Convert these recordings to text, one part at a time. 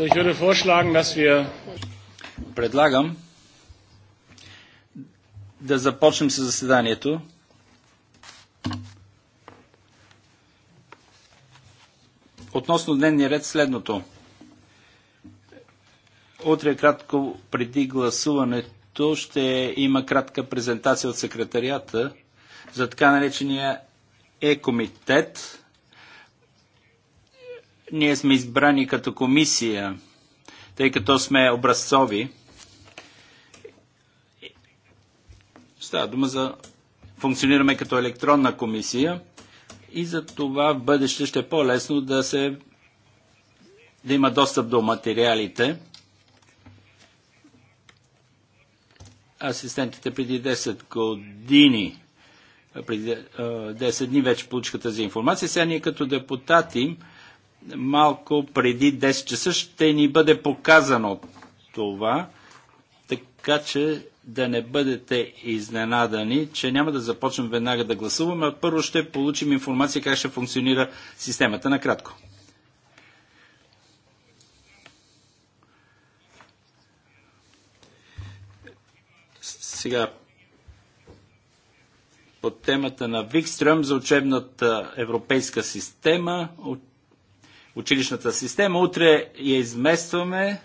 So, ich würde vorschlagen, dass wir... Предлагам да започнем с заседанието. Относно дневния ред следното. Утре кратко преди гласуването ще има кратка презентация от секретарията за така наречения е-комитет ние сме избрани като комисия, тъй като сме образцови. Става дума за функционираме като електронна комисия и за това в бъдеще ще е по-лесно да се да има достъп до материалите. Асистентите преди 10 години, преди 10 дни вече получиха тази информация. Сега ние като депутати малко преди 10 часа ще ни бъде показано това, така че да не бъдете изненадани, че няма да започнем веднага да гласуваме, а първо ще получим информация как ще функционира системата накратко. Сега по темата на Викстрем за учебната европейска система училищната система. Утре я изместваме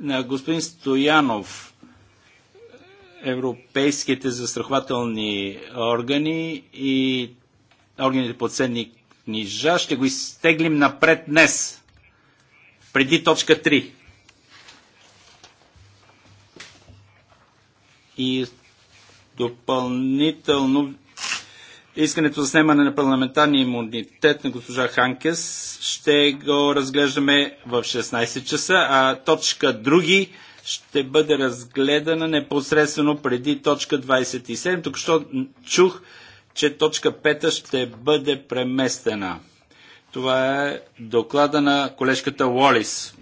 на господин Стоянов европейските застрахователни органи и органите по ценни книжа. Ще го изтеглим напред днес, преди точка 3. И допълнително Искането за снимане на парламентарния имунитет на госпожа Ханкес ще го разглеждаме в 16 часа, а точка други ще бъде разгледана непосредствено преди точка 27. Тук що чух, че точка 5 ще бъде преместена. Това е доклада на колежката Уолис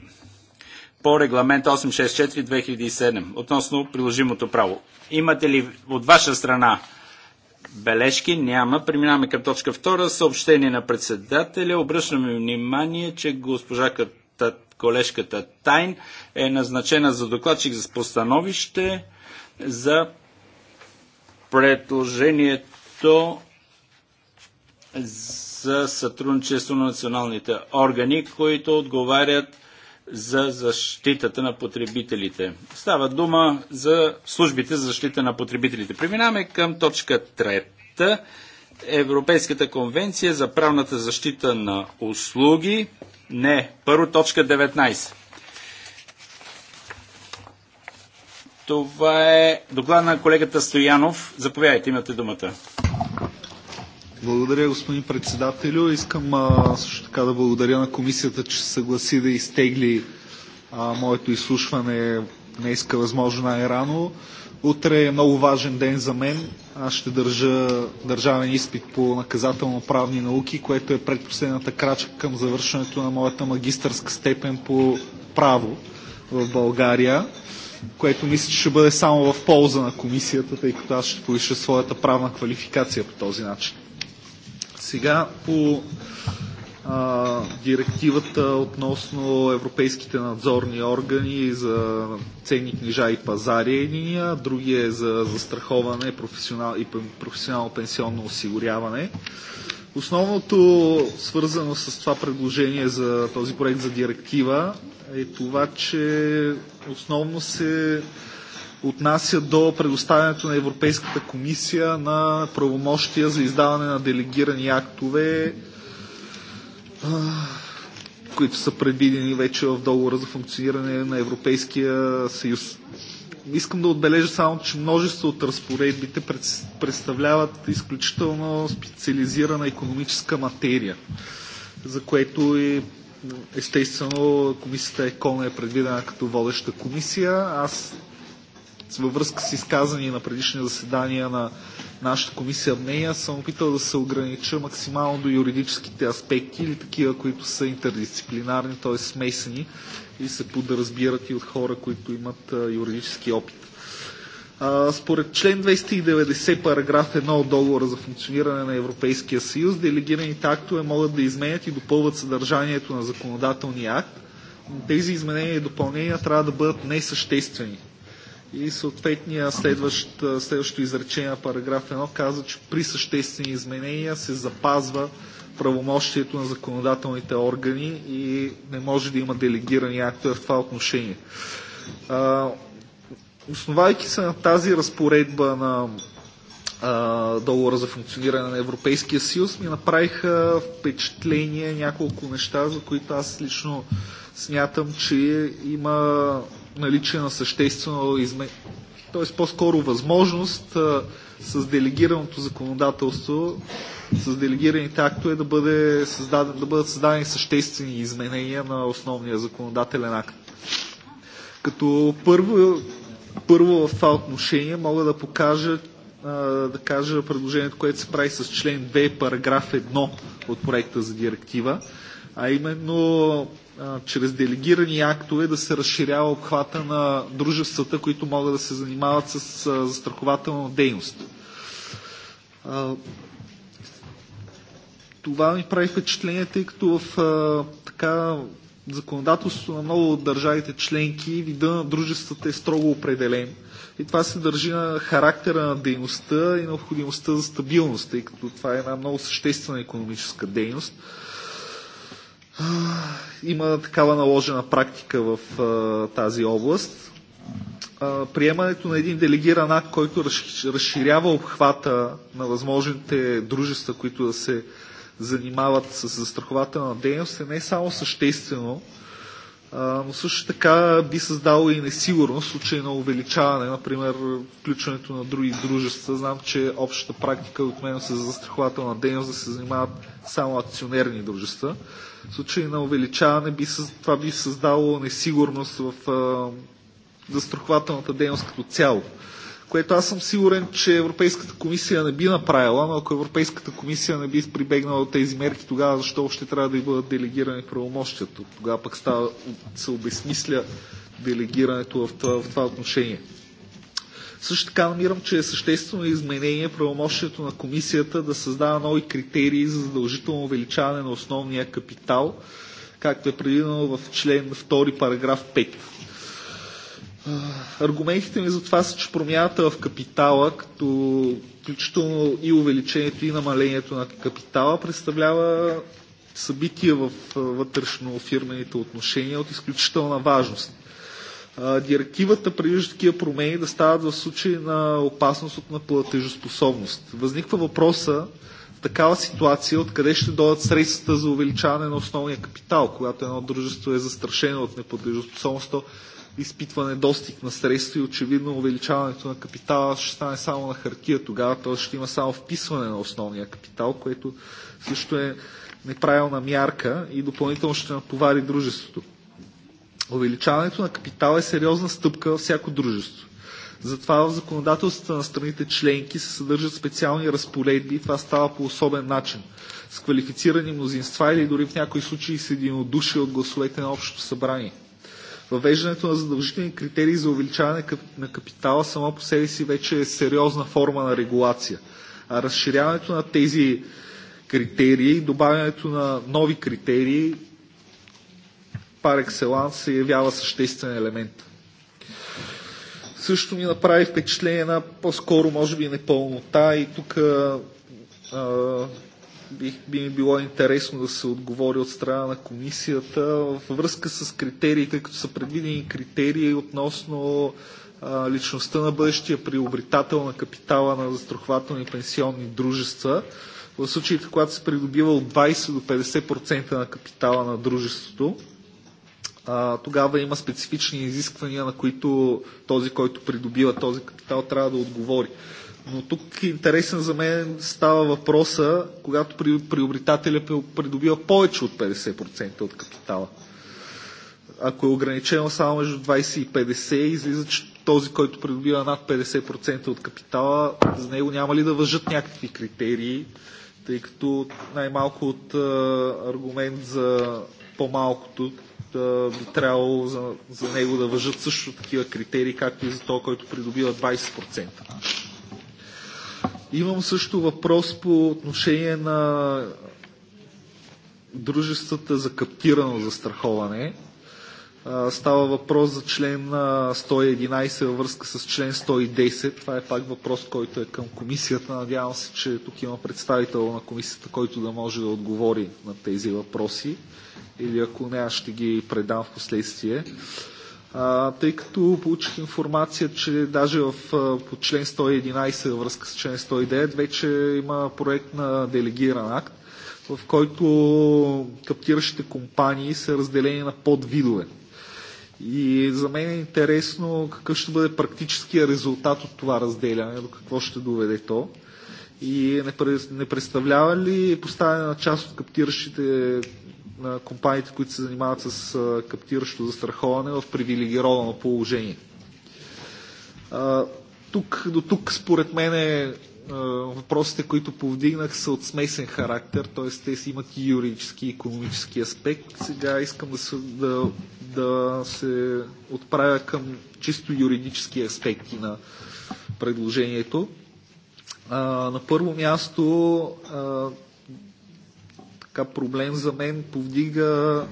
по регламент 864-2007 относно приложимото право. Имате ли от ваша страна Бележки няма. Преминаваме към точка втора. Съобщение на председателя. Обръщаме внимание, че госпожа колежката Тайн е назначена за докладчик за постановище за предложението за сътрудничество на националните органи, които отговарят за защитата на потребителите. Става дума за службите за защита на потребителите. Преминаваме към точка трета. Европейската конвенция за правната защита на услуги. Не, първо точка 19. Това е доклад на колегата Стоянов. Заповядайте, имате думата. Благодаря, господин председателю. Искам а, също така да благодаря на комисията, че се съгласи да изтегли а, моето изслушване днеска възможно най-рано. Утре е много важен ден за мен. Аз ще държа държавен изпит по наказателно-правни науки, което е предпоследната крачка към завършването на моята магистърска степен по право в България, което мисля, че ще бъде само в полза на комисията, тъй като аз ще повиша своята правна квалификация по този начин. Сега по а, директивата относно европейските надзорни органи за ценни книжа и пазари е единия, другия е за застраховане професионал, и професионално пенсионно осигуряване. Основното свързано с това предложение за този проект за директива е това, че основно се отнася до предоставянето на Европейската комисия на правомощия за издаване на делегирани актове, които са предвидени вече в договора за функциониране на Европейския съюз. Искам да отбележа само, че множество от разпоредбите представляват изключително специализирана економическа материя, за което и естествено комисията ЕКОН е предвидена като водеща комисия. Аз във връзка с изказани на предишни заседания на нашата комисия мнения, съм опитал да се огранича максимално до юридическите аспекти или такива, които са интердисциплинарни, т.е. смесени и се подразбират и от хора, които имат юридически опит. според член 290 параграф 1 от договора за функциониране на Европейския съюз, делегираните актове могат да изменят и допълват съдържанието на законодателния акт, тези изменения и допълнения трябва да бъдат несъществени. И съответния следващ, изречение на параграф 1 казва, че при съществени изменения се запазва правомощието на законодателните органи и не може да има делегирани актове в това отношение. А, основайки се на тази разпоредба на а, договора за функциониране на Европейския съюз, ми направиха впечатление няколко неща, за които аз лично смятам, че има наличие на съществено изменение, т.е. по-скоро възможност а, с делегираното законодателство, с делегираните актове да, бъде създаден, да бъдат създадени съществени изменения на основния законодателен акт. Като първо, първо в това отношение мога да покажа да кажа предложението, което се прави с член 2, параграф 1 от проекта за директива, а именно чрез делегирани актове да се разширява обхвата на дружествата, които могат да се занимават с застрахователна дейност. Това ми прави впечатление, тъй като в така законодателството на много от държавите членки вида на дружествата е строго определен. И това се държи на характера на дейността и необходимостта за стабилност, тъй като това е една много съществена економическа дейност има такава наложена практика в тази област. Приемането на един делегиран акт, който разширява обхвата на възможните дружества, които да се занимават с застрахователна дейност, е не само съществено, но също така би създало и несигурност в случай на увеличаване, например, включването на други дружества. Знам, че общата практика мен се за застрахователна дейност да се занимават само акционерни дружества. В случай на увеличаване би, това би създало несигурност в застрахователната дейност като цяло което аз съм сигурен, че Европейската комисия не би направила, но ако Европейската комисия не би прибегнала тези мерки, тогава защо още трябва да бъдат делегирани правомощията? Тогава пък става, се обесмисля делегирането в това, в това отношение. Също така намирам, че е съществено изменение правомощието на комисията да създава нови критерии за задължително увеличаване на основния капитал, както е предвидено в член 2 параграф 5. Аргументите ми за това са, че промяната в капитала, като включително и увеличението и намалението на капитала, представлява събитие в вътрешно-фирмените отношения от изключителна важност. Директивата предвижда такива промени да стават в случай на опасност от наплатежоспособност. Възниква въпроса в такава ситуация откъде ще дойдат средствата за увеличаване на основния капитал, когато едно дружество е застрашено от неплатежоспособност, то изпитва недостиг на средства и очевидно увеличаването на капитала ще стане само на хартия. Тогава той ще има само вписване на основния капитал, което също е неправилна мярка и допълнително ще натовари дружеството. Увеличаването на капитала е сериозна стъпка във всяко дружество. Затова в законодателствата на страните членки се съдържат специални разпоредби и това става по особен начин. С квалифицирани мнозинства или дори в някои случаи с единодушие от гласовете на Общото събрание – Въвеждането на задължителни критерии за увеличаване на капитала само по себе си вече е сериозна форма на регулация. А разширяването на тези критерии, добавянето на нови критерии, пар екселанс се явява съществен елемент. Също ми направи впечатление на по-скоро, може би, непълнота и тук бих, би ми било интересно да се отговори от страна на комисията във връзка с критериите, като са предвидени критерии относно а, личността на бъдещия приобретател на капитала на застрахователни пенсионни дружества. В случаите, когато се придобива от 20 до 50% на капитала на дружеството, а, тогава има специфични изисквания, на които този, който придобива този капитал, трябва да отговори. Но тук интересен за мен става въпроса, когато приобретателя придобива повече от 50% от капитала. Ако е ограничено само между 20 и 50, излиза, че този, който придобива над 50% от капитала, за него няма ли да въжат някакви критерии, тъй като най-малко от а, аргумент за по-малкото да би трябвало за, за него да въжат също такива критерии, както и за то, който придобива 20%. Имам също въпрос по отношение на дружествата за каптирано застраховане. Става въпрос за член 111 във връзка с член 110. Това е пак въпрос, който е към комисията. Надявам се, че тук има представител на комисията, който да може да отговори на тези въпроси. Или ако не, аз ще ги предам в последствие. Uh, а, тъй като получих информация, че даже в, по член 111 във връзка с член 109 вече има проект на делегиран акт, в който каптиращите компании са разделени на подвидове. И за мен е интересно какъв ще бъде практическия резултат от това разделяне, до какво ще доведе то. И не, не представлява ли поставяне на част от каптиращите компаниите, които се занимават с каптиращо застраховане в привилегировано положение. Тук, до тук, според мен, е, въпросите, които повдигнах, са от смесен характер, т.е. те си имат и юридически и економически аспект. Сега искам да се, да, да се отправя към чисто юридически аспекти на предложението. на първо място, така проблем за мен повдига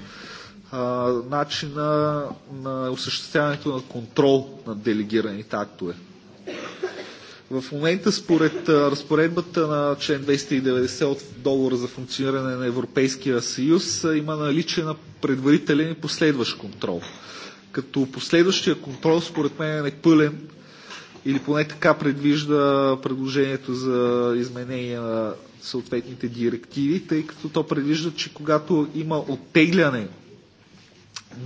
а, начина на осъществяването на контрол на делегираните актове. В момента, според разпоредбата на член 290 от договора за функциониране на Европейския съюз, има наличие на предварителен и последващ контрол. Като последващия контрол, според мен, е непълен или поне така предвижда предложението за изменение на съответните директиви, тъй като то предвижда, че когато има оттегляне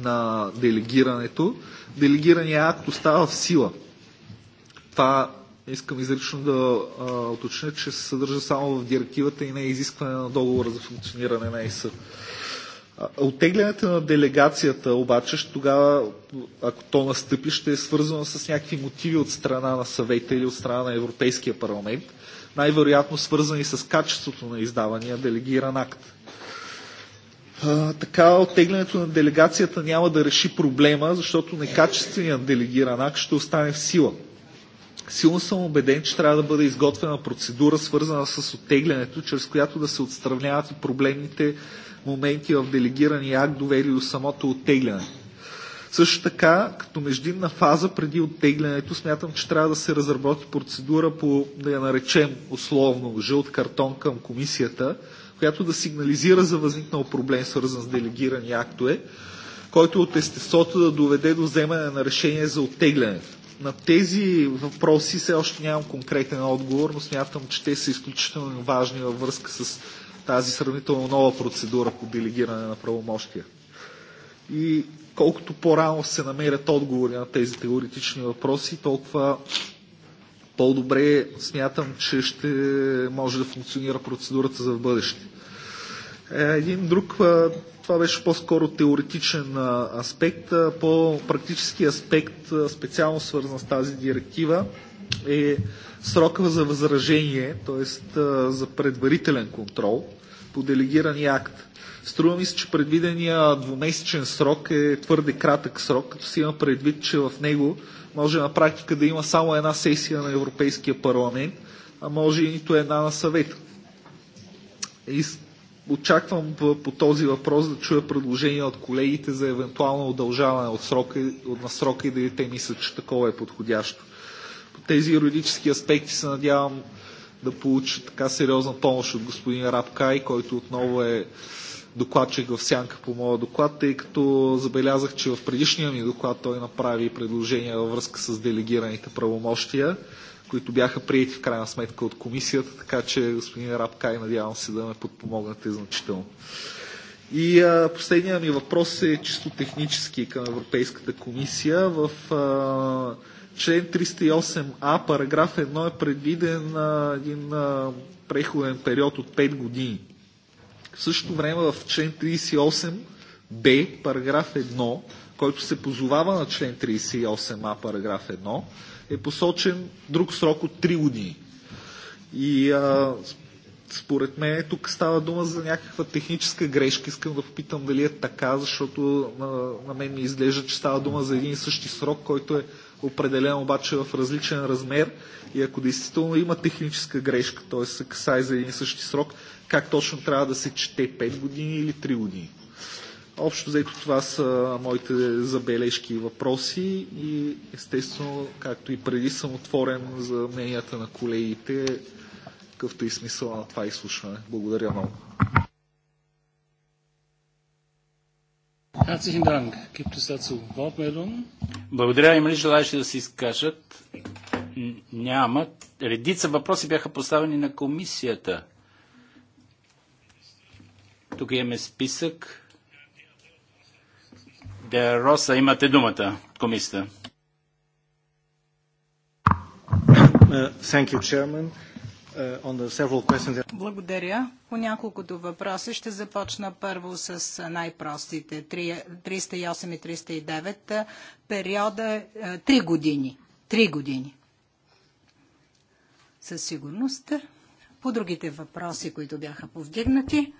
на делегирането, делегирания акт остава в сила. Това искам изрично да а, уточня, че се съдържа само в директивата и не е изискване на договора за функциониране на ЕС. Оттеглянето на делегацията обаче ще тогава, ако то настъпи, ще е свързано с някакви мотиви от страна на съвета или от страна на Европейския парламент, най-вероятно свързани с качеството на издавания делегиран акт. А, така оттеглянето на делегацията няма да реши проблема, защото некачественият делегиран акт ще остане в сила. Силно съм убеден, че трябва да бъде изготвена процедура, свързана с оттеглянето, чрез която да се отстраняват и проблемните моменти в делегирани акт, довели до самото оттегляне. Също така, като междинна фаза преди оттеглянето, смятам, че трябва да се разработи процедура по, да я наречем условно, жълт картон към комисията, която да сигнализира за възникнал проблем, свързан с делегирани актове, който от естеството да доведе до вземане на решение за оттеглянето на тези въпроси все още нямам конкретен отговор, но смятам, че те са изключително важни във връзка с тази сравнително нова процедура по делегиране на правомощия. И колкото по-рано се намерят отговори на тези теоретични въпроси, толкова по-добре смятам, че ще може да функционира процедурата за в бъдеще. Е, един друг, е, това беше по-скоро теоретичен е, аспект, по-практически аспект, специално свързан с тази директива, е срока за възражение, т.е. за предварителен контрол по делегирания акт. Струва ми се, че предвидения двумесечен срок е твърде кратък срок, като си има предвид, че в него може на практика да има само една сесия на Европейския парламент, а може и нито една на съвета. И Очаквам по, по този въпрос да чуя предложения от колегите за евентуално удължаване от срока, на срока и дали те мислят, че такова е подходящо. По тези юридически аспекти се надявам да получа така сериозна помощ от господин Рабкай, който отново е докладчик в сянка по моя доклад, тъй като забелязах, че в предишния ми доклад той направи предложения във връзка с делегираните правомощия които бяха прияти в крайна сметка от комисията, така че господин Рабкай надявам се да ме подпомогнете значително. И а, последният ми въпрос е чисто технически към Европейската комисия. В а, член 308а, параграф 1 е предвиден а, един а, преходен период от 5 години. В същото време в член 38б, параграф 1, който се позовава на член 38а, параграф 1, е посочен друг срок от 3 години. И а, според мен тук става дума за някаква техническа грешка. Искам да попитам дали е така, защото на, на мен ми изглежда, че става дума за един и същи срок, който е определен обаче в различен размер. И ако действително има техническа грешка, т.е. се касае за един и същи срок, как точно трябва да се чете 5 години или 3 години? Общо взето това са моите забележки и въпроси и естествено, както и преди, съм отворен за мненията на колегите, какъвто и смисъл на това изслушване. Благодаря много. Благодаря. Има ли желаящи да се изкажат? Няма. Редица въпроси бяха поставени на комисията. Тук имаме списък. Де Роса, имате думата, комисията. Uh, uh, Благодаря. По няколкото въпроса ще започна първо с uh, най-простите 308 и 309. Периода 3 години. 3 години. Със сигурност. По другите въпроси, които бяха повдигнати,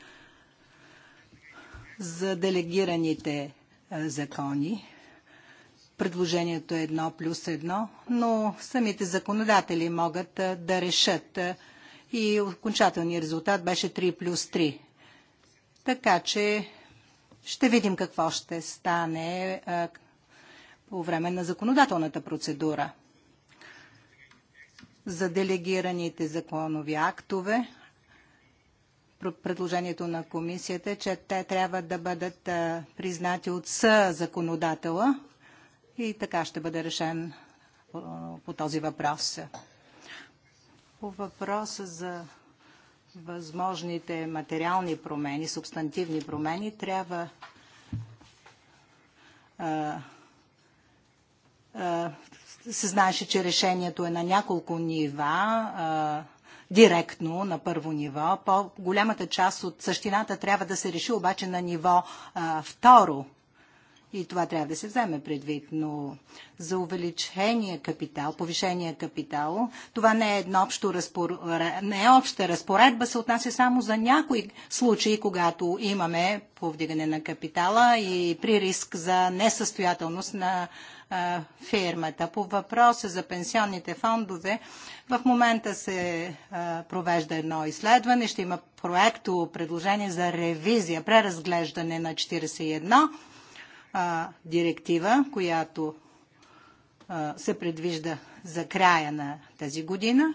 за делегираните е, закони. Предложението е едно плюс едно, но самите законодатели могат е, да решат е, и окончателният резултат беше 3 плюс 3. Така че ще видим какво ще стане по време на законодателната процедура. За делегираните законови актове предложението на комисията е, че те трябва да бъдат признати от съзаконодателя и така ще бъде решен по този въпрос. По въпроса за възможните материални промени, субстантивни промени, трябва се знаеше, че решението е на няколко нива директно на първо ниво. По-голямата част от същината трябва да се реши обаче на ниво а, второ и това трябва да се вземе предвид. Но за увеличение капитал, повишение капитал, това не е, едно общо разпор... не е обща разпоредба, се отнася само за някои случаи, когато имаме повдигане на капитала и при риск за несъстоятелност на а, фирмата. По въпроса за пенсионните фондове, в момента се а, провежда едно изследване, ще има проекто предложение за ревизия, преразглеждане на 41 а, директива, която а, се предвижда за края на тази година.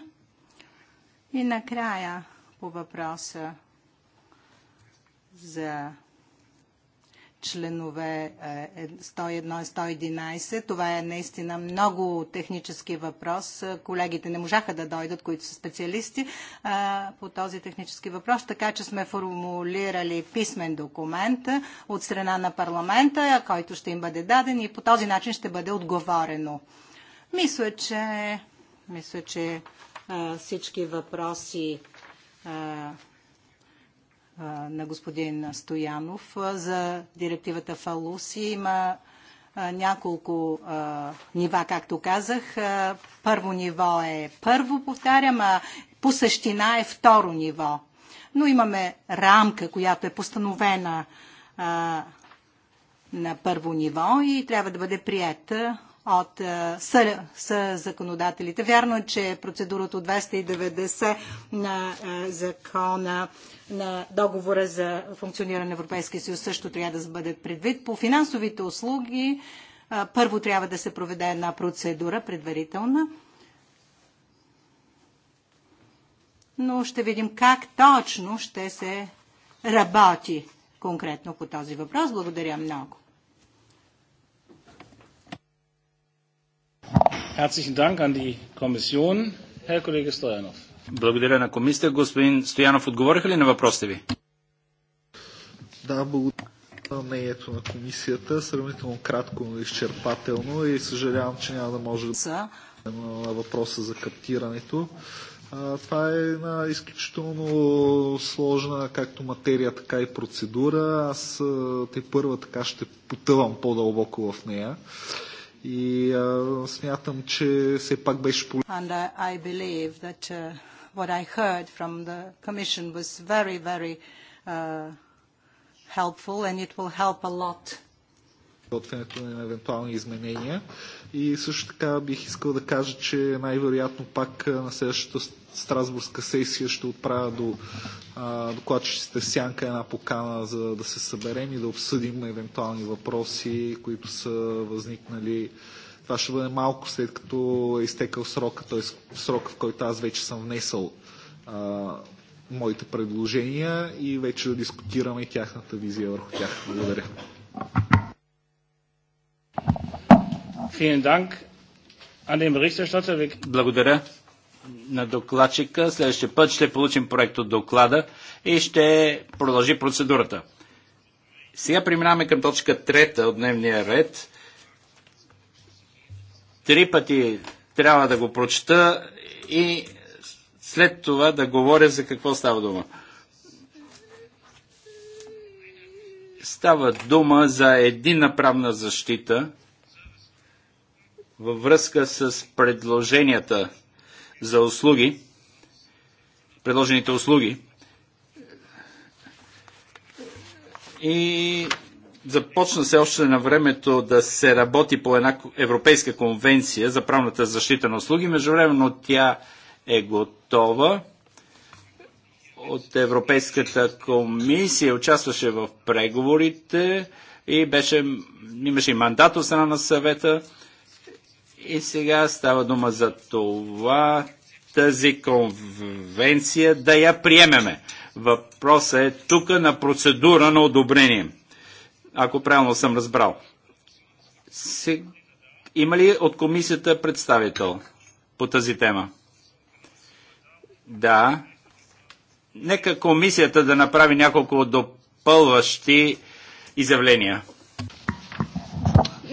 И накрая по въпроса за членове 101 е, е, и 111. Това е наистина много технически въпрос. Колегите не можаха да дойдат, които са специалисти е, по този технически въпрос, така че сме формулирали писмен документ от страна на парламента, който ще им бъде даден и по този начин ще бъде отговорено. Мисля, че, мисля, че всички въпроси на господин Стоянов за директивата ФАЛУС. Има няколко нива, както казах. Първо ниво е първо, повтарям, а по същина е второ ниво. Но имаме рамка, която е постановена на първо ниво и трябва да бъде прията от е, съ, законодателите. Вярно е, че процедурата от 290 на е, закона на договора за функциониране на Европейския съюз също трябва да бъде предвид. По финансовите услуги е, първо трябва да се проведе една процедура предварителна. Но ще видим как точно ще се работи конкретно по този въпрос. Благодаря много. Herzlichen Dank an die Kommission. Herr Kollege Stojanov. Благодаря на комисията. Господин Стоянов, отговориха ли на въпросите ви? Да, благодаря мнението на комисията. Сравнително кратко, но изчерпателно и съжалявам, че няма да може да на въпроса за каптирането. това е една изключително сложна както материя, така и процедура. Аз те първа така ще потъвам по-дълбоко в нея. И а, смятам, че все пак беше полезно what I heard from the Commission was very, very uh, helpful and it will help a lot. Готвенето на евентуални изменения. Uh, и също така бих искал да кажа, че най-вероятно пак на следващата Страсбургска сесия ще отправя до докладчиците сянка една покана за да се съберем и да обсъдим евентуални въпроси, които са възникнали. Това ще бъде малко след като е изтекал срока, т.е. срока, в който аз вече съм внесъл а, моите предложения и вече да дискутираме тяхната визия върху тях. Благодаря. Благодаря на докладчика. Следващия път ще получим проект от доклада и ще продължи процедурата. Сега преминаваме към точка трета от дневния ред. Три пъти трябва да го прочета и след това да говоря за какво става дума. Става дума за единна правна защита – във връзка с предложенията за услуги, предложените услуги и започна се още на времето да се работи по една европейска конвенция за правната защита на услуги. Междувременно тя е готова от Европейската комисия, участваше в преговорите и беше, имаше и мандат от страна на съвета и сега става дума за това тази конвенция да я приемеме. Въпросът е тук на процедура на одобрение. Ако правилно съм разбрал. има ли от комисията представител по тази тема? Да. Нека комисията да направи няколко допълващи изявления.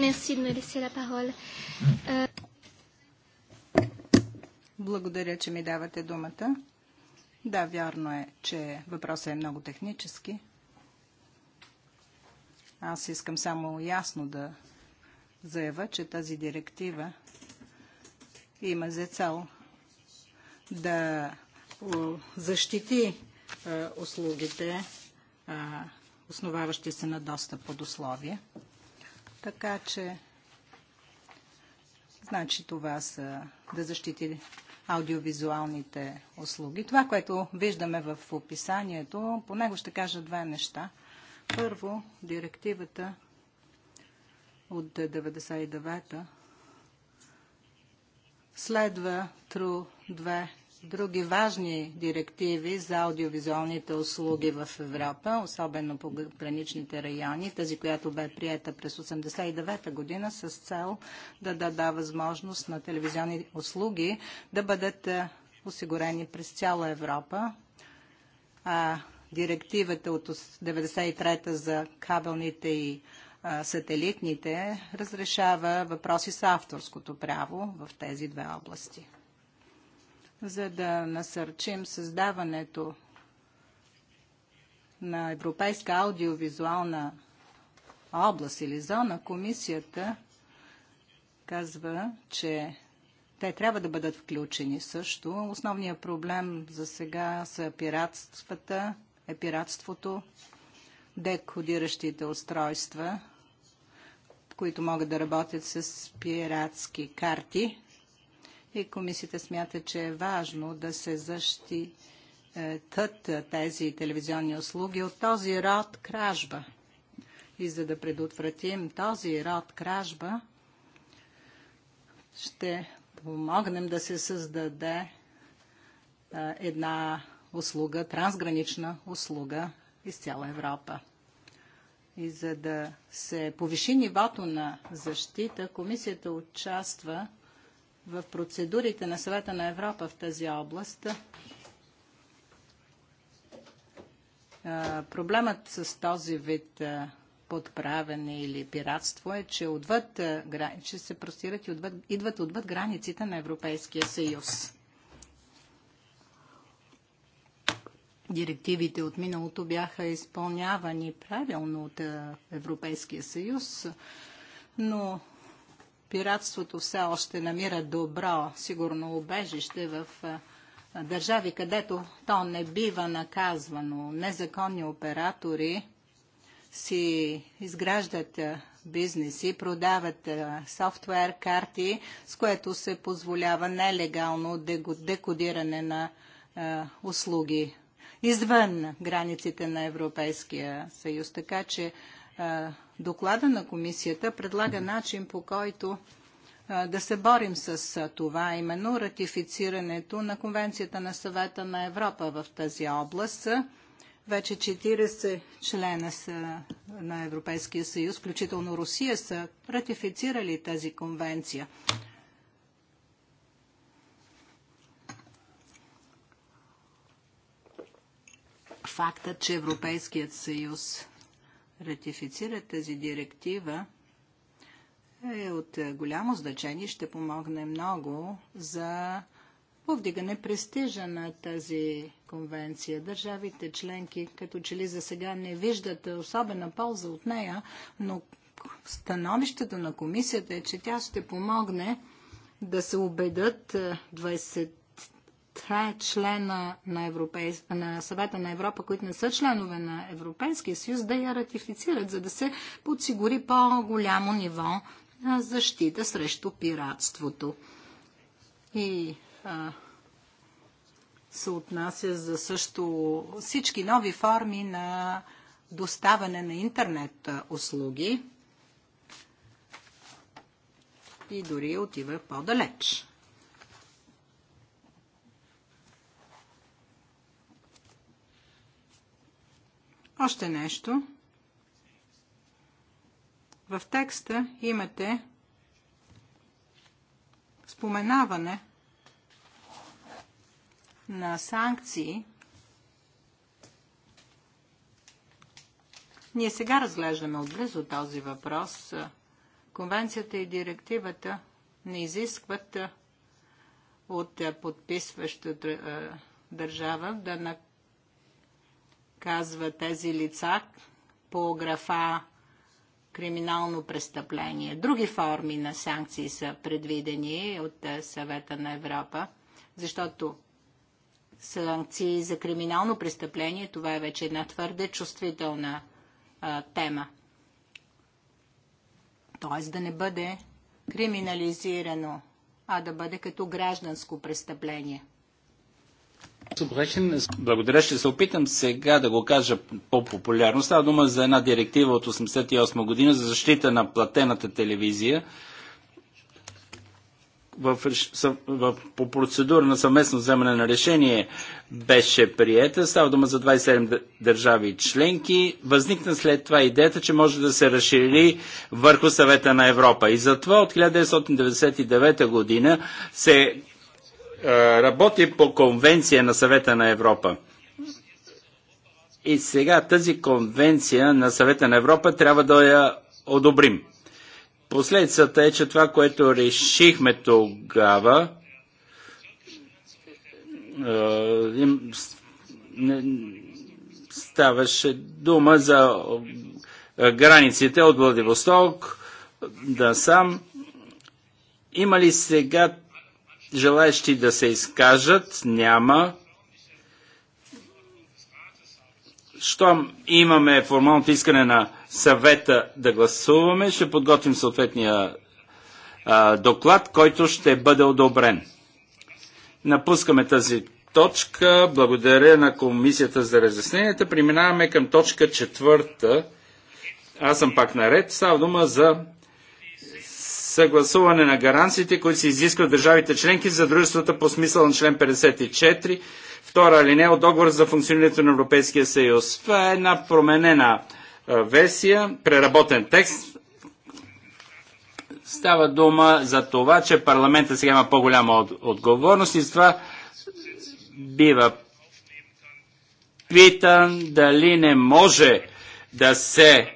Merci de me laisser la parole. Euh, Благодаря, че ми давате думата. Да, вярно е, че въпросът е много технически. Аз искам само ясно да заява, че тази директива има за цел да защити е, услугите, е, основаващи се на достъп под условия. Така че, значи това са да защити аудиовизуалните услуги. Това, което виждаме в описанието, по него ще кажа две неща. Първо, директивата от 99-та следва Тру други важни директиви за аудиовизуалните услуги в Европа, особено по граничните райони, тази, която бе приета през 1989 година с цел да дада възможност на телевизионни услуги да бъдат е, осигурени през цяла Европа. А директивата от 1993 за кабелните и сателитните разрешава въпроси с авторското право в тези две области за да насърчим създаването на Европейска аудиовизуална област или зона, комисията казва, че те трябва да бъдат включени също. Основният проблем за сега са пиратствата, е пиратството, декодиращите устройства, които могат да работят с пиратски карти и комисията смята, че е важно да се защитат е, тези телевизионни услуги от този род кражба. И за да предотвратим този род кражба, ще помогнем да се създаде е, една услуга, трансгранична услуга из цяла Европа. И за да се повиши нивото на защита, комисията участва в процедурите на съвета на Европа в тази област проблемът с този вид подправене или пиратство е, че, отвъд, че се простират и отвъд, идват отвъд границите на Европейския съюз. Директивите от миналото бяха изпълнявани правилно от Европейския съюз, но пиратството все още намира добро, сигурно убежище в държави, където то не бива наказвано. Незаконни оператори си изграждат бизнеси, продават софтуер, карти, с което се позволява нелегално декодиране на услуги извън границите на Европейския съюз. Така че доклада на комисията предлага начин по който да се борим с това, именно ратифицирането на Конвенцията на съвета на Европа в тази област. Вече 40 члена са на Европейския съюз, включително Русия, са ратифицирали тази конвенция. Фактът, че Европейският съюз ратифицират тази директива, е от голямо значение, ще помогне много за повдигане престижа на тази конвенция. Държавите членки като че ли за сега не виждат особена полза от нея, но становището на комисията е, че тя ще помогне да се убедат 20 3 е члена на, Европейс... на съвета на Европа, които не са членове на Европейския съюз, да я ратифицират, за да се подсигури по-голямо ниво на защита срещу пиратството. И а, се отнася за също всички нови форми на доставане на интернет услуги и дори отива по-далеч. Още нещо. В текста имате споменаване на санкции. Ние сега разглеждаме отблизо този въпрос. Конвенцията и директивата не изискват от подписваща е, държава да на казва тези лица по графа криминално престъпление. Други форми на санкции са предвидени от е, съвета на Европа, защото санкции за криминално престъпление, това е вече една твърде чувствителна а, е, тема. Тоест да не бъде криминализирано, а да бъде като гражданско престъпление. Благодаря. Ще се опитам сега да го кажа по-популярно. Става дума за една директива от 1988 година за защита на платената телевизия в, в, по процедура на съвместно вземане на решение беше приета. Става дума за 27 държави членки. Възникна след това идеята, че може да се разшири върху съвета на Европа. И затова от 1999 година се е, работи по конвенция на съвета на Европа. И сега тази конвенция на съвета на Европа трябва да я одобрим. Последствата е, че това, което решихме тогава, е, не ставаше дума за е, границите от Владивосток да сам. Има ли сега Желаещи да се изкажат няма. Щом имаме формалното искане на съвета да гласуваме, ще подготвим съответния а, доклад, който ще бъде одобрен. Напускаме тази точка. Благодаря на комисията за разясненията. Преминаваме към точка четвърта. Аз съм пак наред. Става дума за съгласуване на гаранциите, които се изискват държавите членки за дружествата по смисъла на член 54, втора алинея от договора за функционирането на Европейския съюз. Това е една променена версия, преработен текст. Става дума за това, че парламента сега има по-голяма отговорност и това бива питан дали не може да се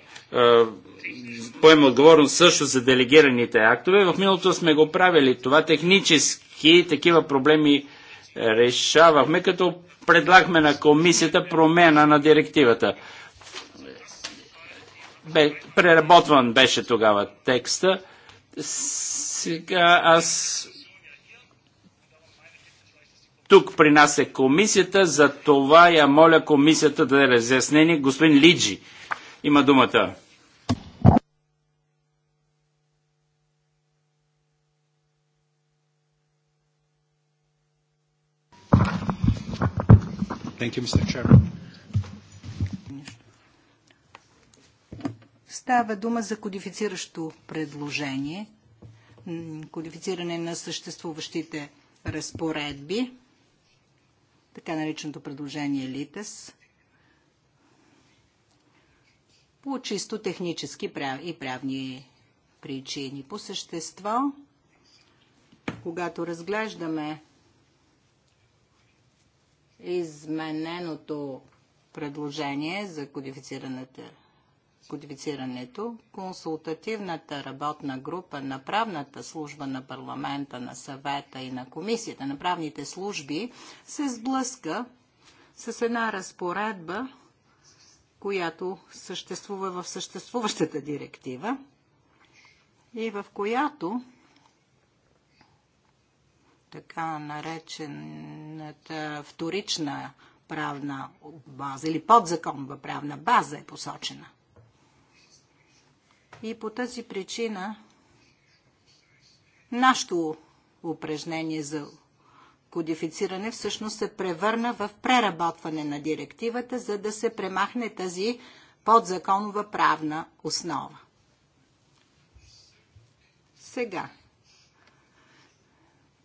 поема отговорност също за делегираните актове. В миналото сме го правили това. Технически такива проблеми е, решавахме, като предлагахме на комисията промена на директивата. Бе, преработван беше тогава текста. Сега аз тук при нас е комисията, за това я моля комисията да е разяснени. Господин Лиджи има думата. Thank you, Mr. Chairman. Става дума за кодифициращо предложение, кодифициране на съществуващите разпоредби, така нареченото предложение ЛИТЕС, по чисто технически и правни причини. По същество, когато разглеждаме измененото предложение за кодифицирането, консултативната работна група на правната служба на парламента, на съвета и на комисията на правните служби се сблъска с една разпоредба, която съществува в съществуващата директива и в която така наречен съответната вторична правна база или подзаконова правна база е посочена. И по тази причина нашето упражнение за кодифициране всъщност се превърна в преработване на директивата, за да се премахне тази подзаконова правна основа. Сега,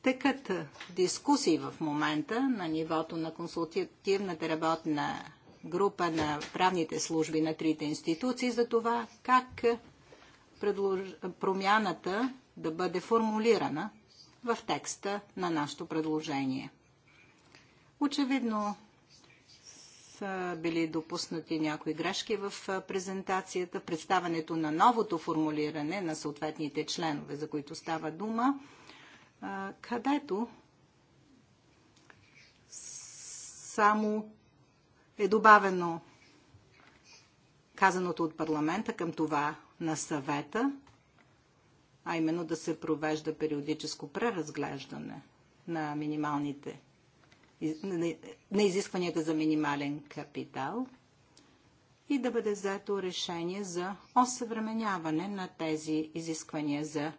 Текат дискусии в момента на нивото на консултативната работна група на правните служби на трите институции за това как предлож... промяната да бъде формулирана в текста на нашето предложение. Очевидно са били допуснати някои грешки в презентацията, представането на новото формулиране на съответните членове, за които става дума където само е добавено казаното от парламента към това на съвета, а именно да се провежда периодическо преразглеждане на минималните на изискванията за минимален капитал и да бъде взето решение за осъвременяване на тези изисквания за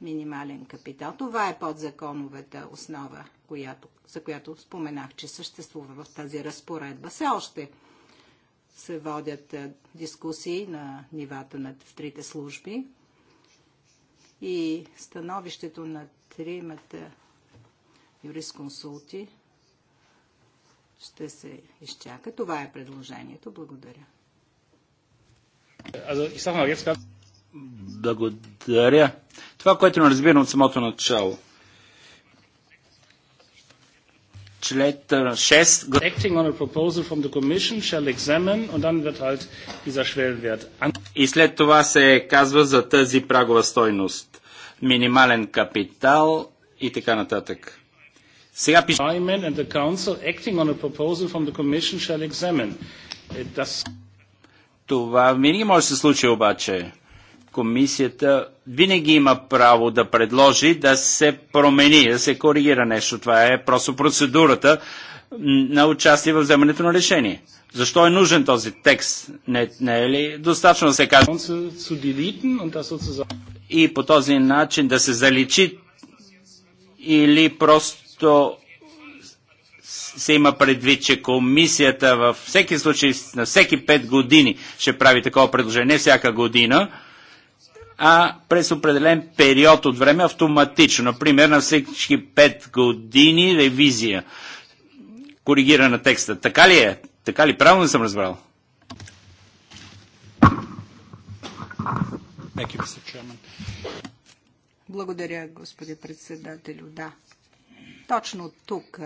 минимален капитал. Това е подзаконовата основа, която, за която споменах, че съществува в тази разпоредба. Все още се водят е, дискусии на нивата на трите служби и становището на тримата юрисконсулти ще се изчака. Това е предложението. Благодаря. Also, ich sag mal, jetzt благодаря. Това, което не разбирам от самото начало. 6. И след това се казва за тази прагова стойност. Минимален капитал и така нататък. Сега пише... and the council acting on a proposal from the commission shall examine. Е, това винаги може да се случи обаче комисията винаги има право да предложи да се промени, да се коригира нещо. Това е просто процедурата на участие в вземането на решение. Защо е нужен този текст? Не, не е ли достатъчно да се каже? И по този начин да се заличи или просто се има предвид, че комисията във всеки случай на всеки 5 години ще прави такова предложение, не всяка година, а през определен период от време автоматично, например на всички 5 години ревизия, коригира на текста. Така ли е? Така ли? Правилно съм разбрал? Благодаря, господин председателю. Да. Точно тук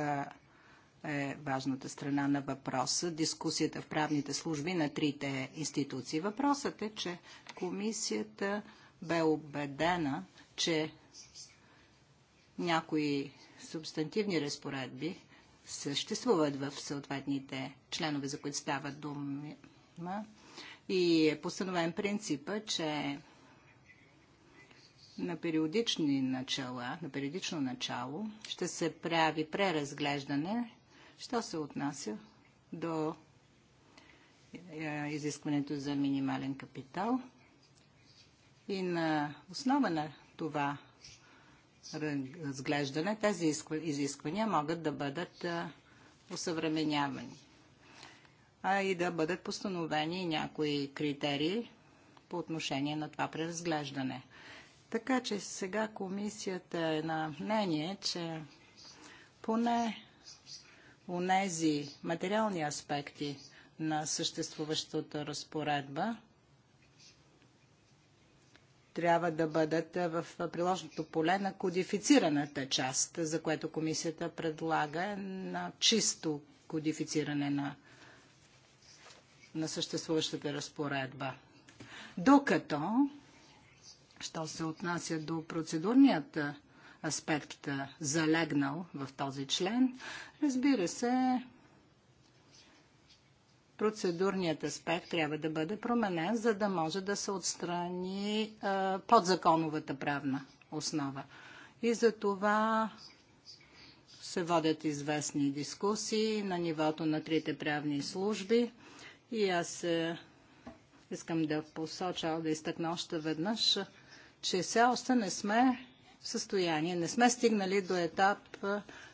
е важната страна на въпроса, дискусията в правните служби на трите институции. Въпросът е, че комисията бе убедена, че някои субстантивни разпоредби съществуват в съответните членове, за които става дума. И е постановен принципа, че на периодични начала, на периодично начало, ще се прави преразглеждане, що се отнася до е, изискването за минимален капитал – и на основа на това разглеждане тези изисквания могат да бъдат усъвременявани. А и да бъдат постановени някои критерии по отношение на това преразглеждане. Така че сега комисията е на мнение, че поне у нези материални аспекти на съществуващата разпоредба трябва да бъдат в приложното поле на кодифицираната част, за което комисията предлага на чисто кодифициране на, на съществуващата разпоредба. Докато, що се отнася до процедурният аспект залегнал в този член, разбира се, процедурният аспект трябва да бъде променен, за да може да се отстрани подзаконовата правна основа. И за това се водят известни дискусии на нивото на трите правни служби. И аз искам да посоча, да изтъкна още веднъж, че все още не сме в състояние, не сме стигнали до етап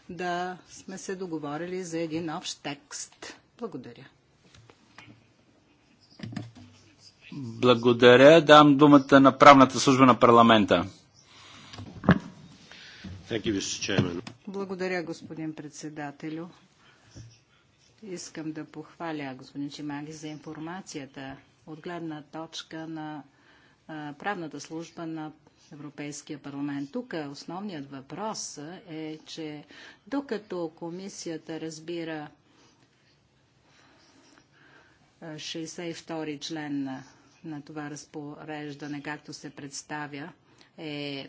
да сме се договорили за един общ текст. Благодаря. Благодаря. Дам думата на правната служба на парламента. Благодаря, господин председателю. Искам да похваля господин Чимаги за информацията от гледна точка на правната служба на Европейския парламент. Тук основният въпрос е, че докато комисията разбира 62 член на на това разпореждане, както се представя, е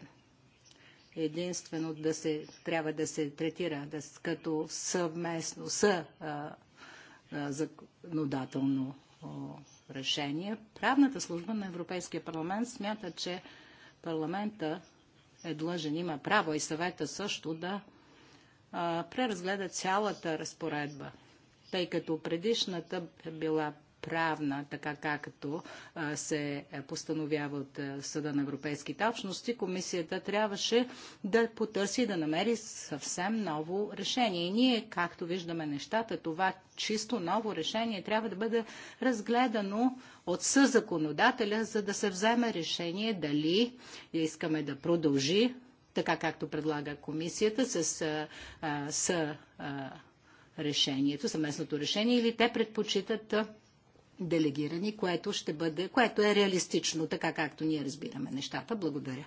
единствено да се, трябва да се третира да, като съвместно, с а, а, законодателно о, решение. Правната служба на Европейския парламент смята, че парламента е длъжен, има право и съвета също да а, преразгледа цялата разпоредба, тъй като предишната била правна, така както се е, постановява от е, Съда на Европейските общности, комисията трябваше да потърси да намери съвсем ново решение. И ние, както виждаме нещата, това чисто ново решение трябва да бъде разгледано от съзаконодателя, за да се вземе решение дали искаме да продължи така както предлага комисията с, а, с а, решението, съместното решение, или те предпочитат делегирани, което, ще бъде, което е реалистично, така както ние разбираме нещата. Благодаря.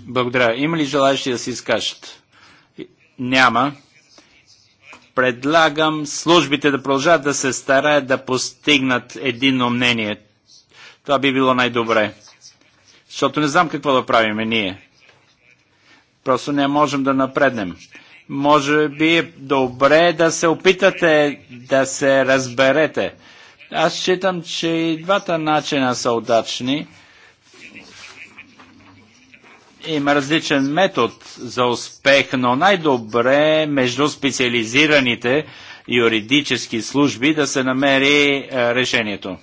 Благодаря. Има ли желаящи да се изкажат? Няма. Предлагам службите да продължат да се стараят да постигнат единно мнение. Това би било най-добре. Защото не знам какво да правиме ние. Просто не можем да напреднем. Може би е добре да се опитате да се разберете. Аз считам, че и двата начина са удачни. Има различен метод за успех, но най-добре е между специализираните юридически служби да се намери е, решението.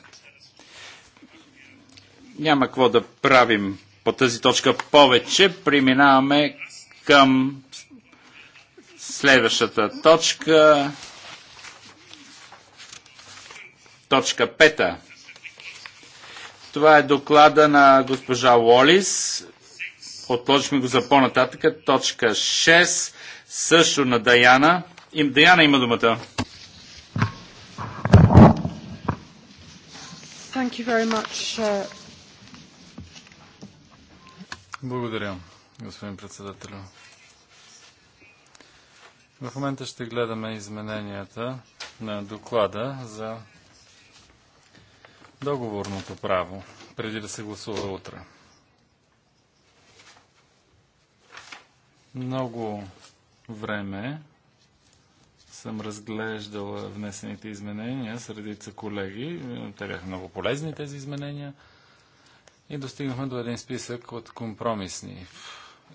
Няма какво да правим по тази точка повече. Преминаваме към Следващата точка. Точка пета. Това е доклада на госпожа Уолис. Отложихме го за по-нататък. Точка 6. Също на Даяна. Им, Даяна има думата. Thank you very much, uh... Благодаря, господин председател. В момента ще гледаме измененията на доклада за договорното право, преди да се гласува утре. Много време съм разглеждала внесените изменения с редица колеги. Те бяха много полезни тези изменения. И достигнахме до един списък от компромисни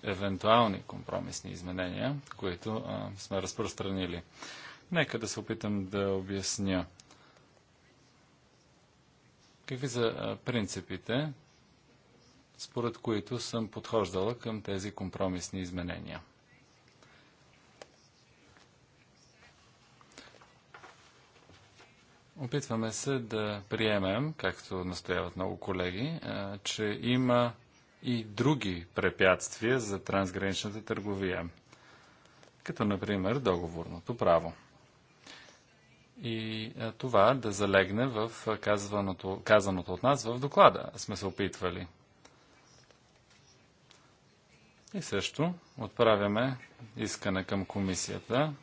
евентуални компромисни изменения, които а, сме разпространили. Нека да се опитам да обясня. Какви са принципите, според които съм подхождала към тези компромисни изменения? Опитваме се да приемем, както настояват много колеги, че има и други препятствия за трансграничната търговия, като например договорното право. И това да залегне в казаното, казаното от нас в доклада сме се опитвали. И също отправяме искане към комисията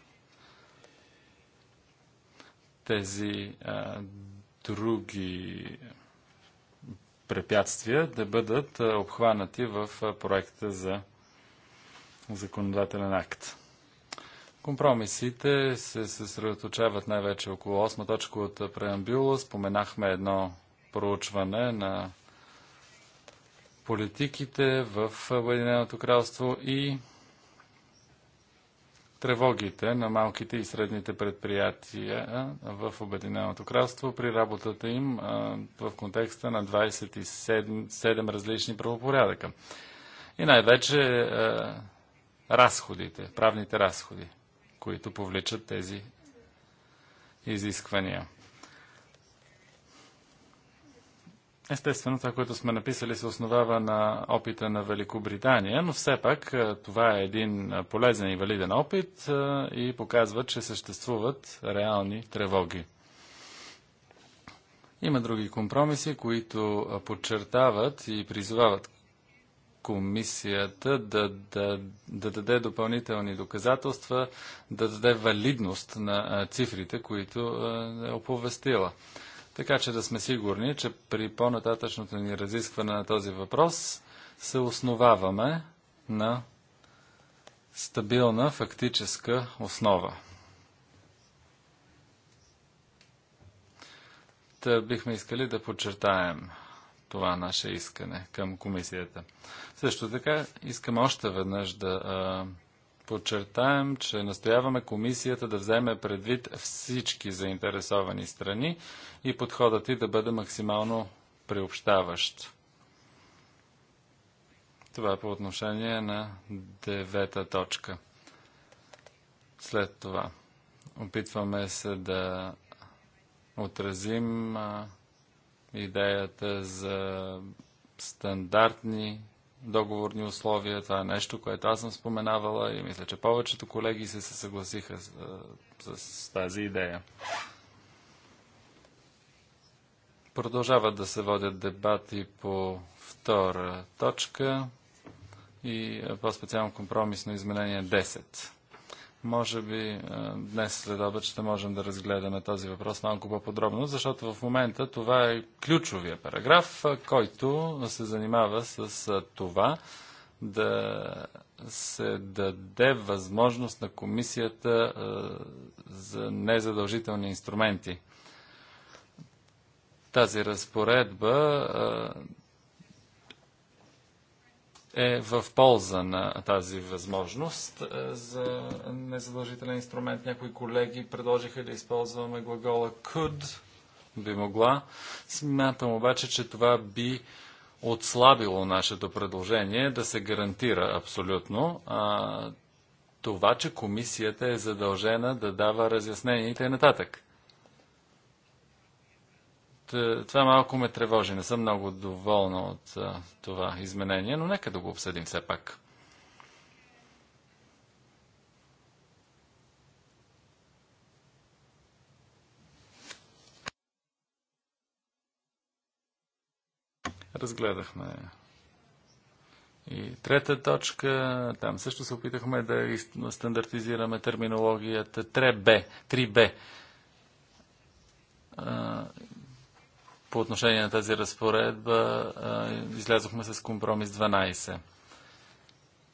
тези а, други препятствия да бъдат обхванати в проекта за законодателен акт. Компромисите се съсредоточават най-вече около 8 точка от преамбюла. Споменахме едно проучване на политиките в Обединеното кралство и тревогите на малките и средните предприятия в Обединеното кралство при работата им в контекста на 27 различни правопорядъка. И най-вече разходите, правните разходи, които повличат тези изисквания. Естествено, това, което сме написали, се основава на опита на Великобритания, но все пак е, това е един е, полезен и валиден опит е, и показва, че съществуват реални тревоги. Има други компромиси, които подчертават и призовават комисията да, да, да даде допълнителни доказателства, да даде валидност на цифрите, които е оповестила. Така че да сме сигурни, че при по-нататъчното ни разискване на този въпрос се основаваме на стабилна фактическа основа. Та бихме искали да подчертаем това наше искане към комисията. Също така искам още веднъж да а, подчертаем, че настояваме комисията да вземе предвид всички заинтересовани страни и подходът и да бъде максимално приобщаващ. Това е по отношение на девета точка. След това опитваме се да отразим идеята за стандартни договорни условия. Това е нещо, което аз съм споменавала и мисля, че повечето колеги се съгласиха с, с тази идея. Продължават да се водят дебати по втора точка и по-специално компромисно изменение 10. Може би е, днес след обед ще можем да разгледаме този въпрос малко по-подробно, защото в момента това е ключовия параграф, е, който се занимава с е, това да се даде възможност на комисията за незадължителни инструменти тази разпоредба е в полза на тази възможност е, за незадължителен инструмент. Някои колеги предложиха да използваме глагола could, би могла. Смятам обаче, че това би отслабило нашето предложение да се гарантира абсолютно а, това, че комисията е задължена да дава разяснение и нататък. Е, това малко ме тревожи. Не съм много доволна от е, това изменение, но нека да го обсъдим все пак. Разгледахме и трета точка, там също се опитахме да стандартизираме терминологията 3B. 3B по отношение на тази разпоредба излязохме с компромис 12.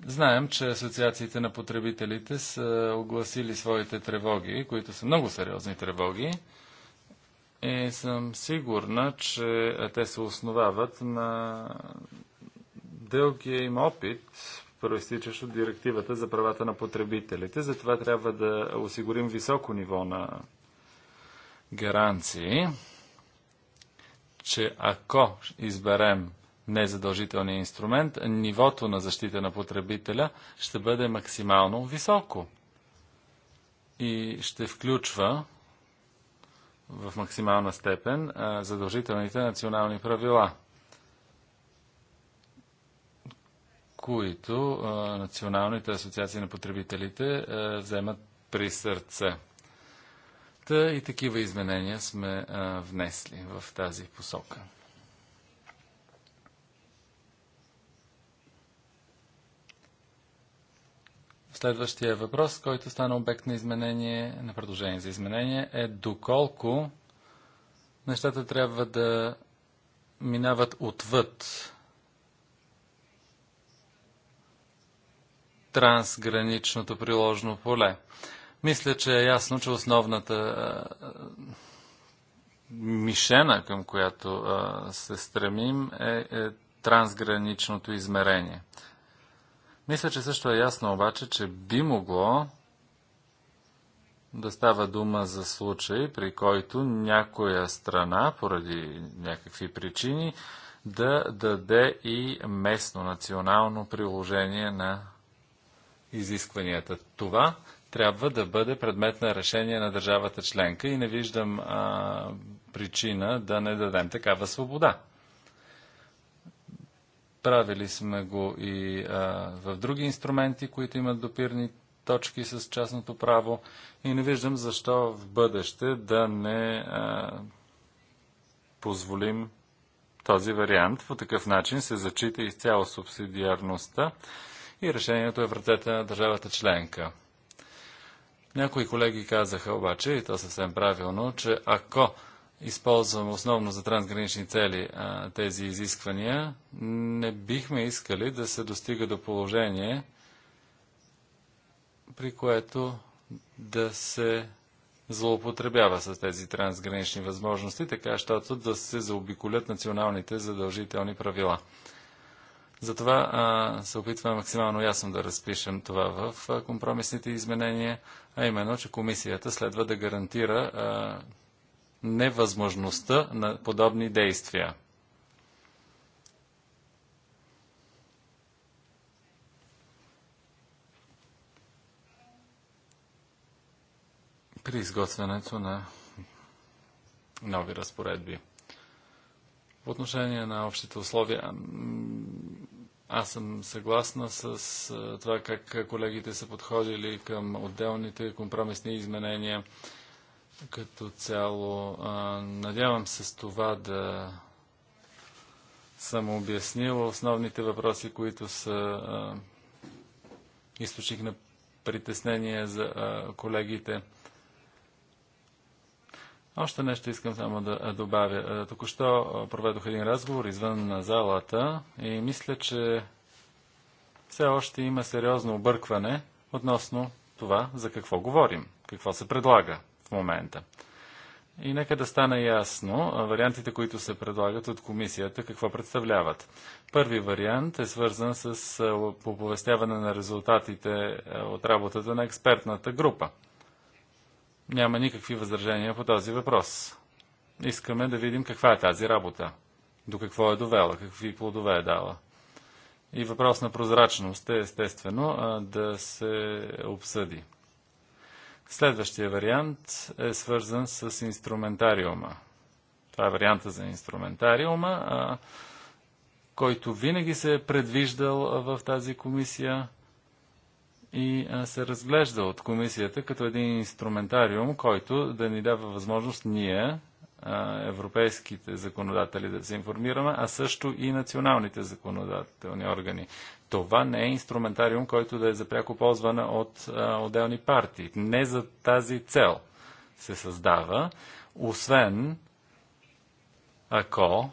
Знаем, че асоциациите на потребителите са огласили своите тревоги, които са много сериозни тревоги. И съм сигурна, че те се основават на дългия им опит, проистичащ от директивата за правата на потребителите. Затова трябва да осигурим високо ниво на гаранции че ако изберем незадължителния инструмент, нивото на защита на потребителя ще бъде максимално високо и ще включва в максимална степен задължителните национални правила, които националните асоциации на потребителите вземат при сърце. Та и такива изменения сме а, внесли в тази посока. Следващия въпрос, който стана обект на изменение, на предложение за изменение, е доколко нещата трябва да минават отвъд трансграничното приложно поле. Мисля, че е ясно, че основната е, мишена, към която е, се стремим, е, е трансграничното измерение. Мисля, че също е ясно обаче, че би могло да става дума за случай, при който някоя страна, поради някакви причини, да даде и местно национално приложение на изискванията. Това трябва да бъде предмет на решение на държавата членка и не виждам а, причина да не дадем такава свобода. Правили сме го и а, в други инструменти, които имат допирни точки с частното право и не виждам защо в бъдеще да не а, позволим този вариант. По такъв начин се зачита изцяло субсидиарността и решението е в ръцете на държавата членка. Някои колеги казаха обаче, и то съвсем правилно, че ако използвам основно за трансгранични цели а, тези изисквания, не бихме искали да се достига до положение, при което да се злоупотребява с тези трансгранични възможности, така щото да се заобиколят националните задължителни правила. Затова а, се опитвам максимално ясно да разпишем това в а, компромисните изменения, а именно, че комисията следва да гарантира а, невъзможността на подобни действия. при изготвянето на нови разпоредби. По отношение на общите условия, аз съм съгласна с това как колегите са подходили към отделните компромисни изменения като цяло. Надявам се с това да съм обяснила основните въпроси, които са източник на притеснение за колегите. Още нещо искам само да е, добавя. Е, току-що е, проведох един разговор извън залата и мисля, че все още има сериозно объркване относно това, за какво говорим, какво се предлага в момента. И нека да стане ясно вариантите, които се предлагат от комисията, какво представляват. Първи вариант е свързан с оповестяване на резултатите от работата на експертната група – няма никакви възражения по този въпрос. Искаме да видим каква е тази работа, до какво е довела, какви плодове е дала. И въпрос на прозрачност е естествено да се обсъди. Следващия вариант е свързан с инструментариума. Това е варианта за инструментариума, който винаги се е предвиждал в тази комисия – и се разглежда от комисията като един инструментариум, който да ни дава възможност ние, европейските законодатели, да се информираме, а също и националните законодателни органи. Това не е инструментариум, който да е запряко ползвана ползване от отделни партии. Не за тази цел се създава, освен ако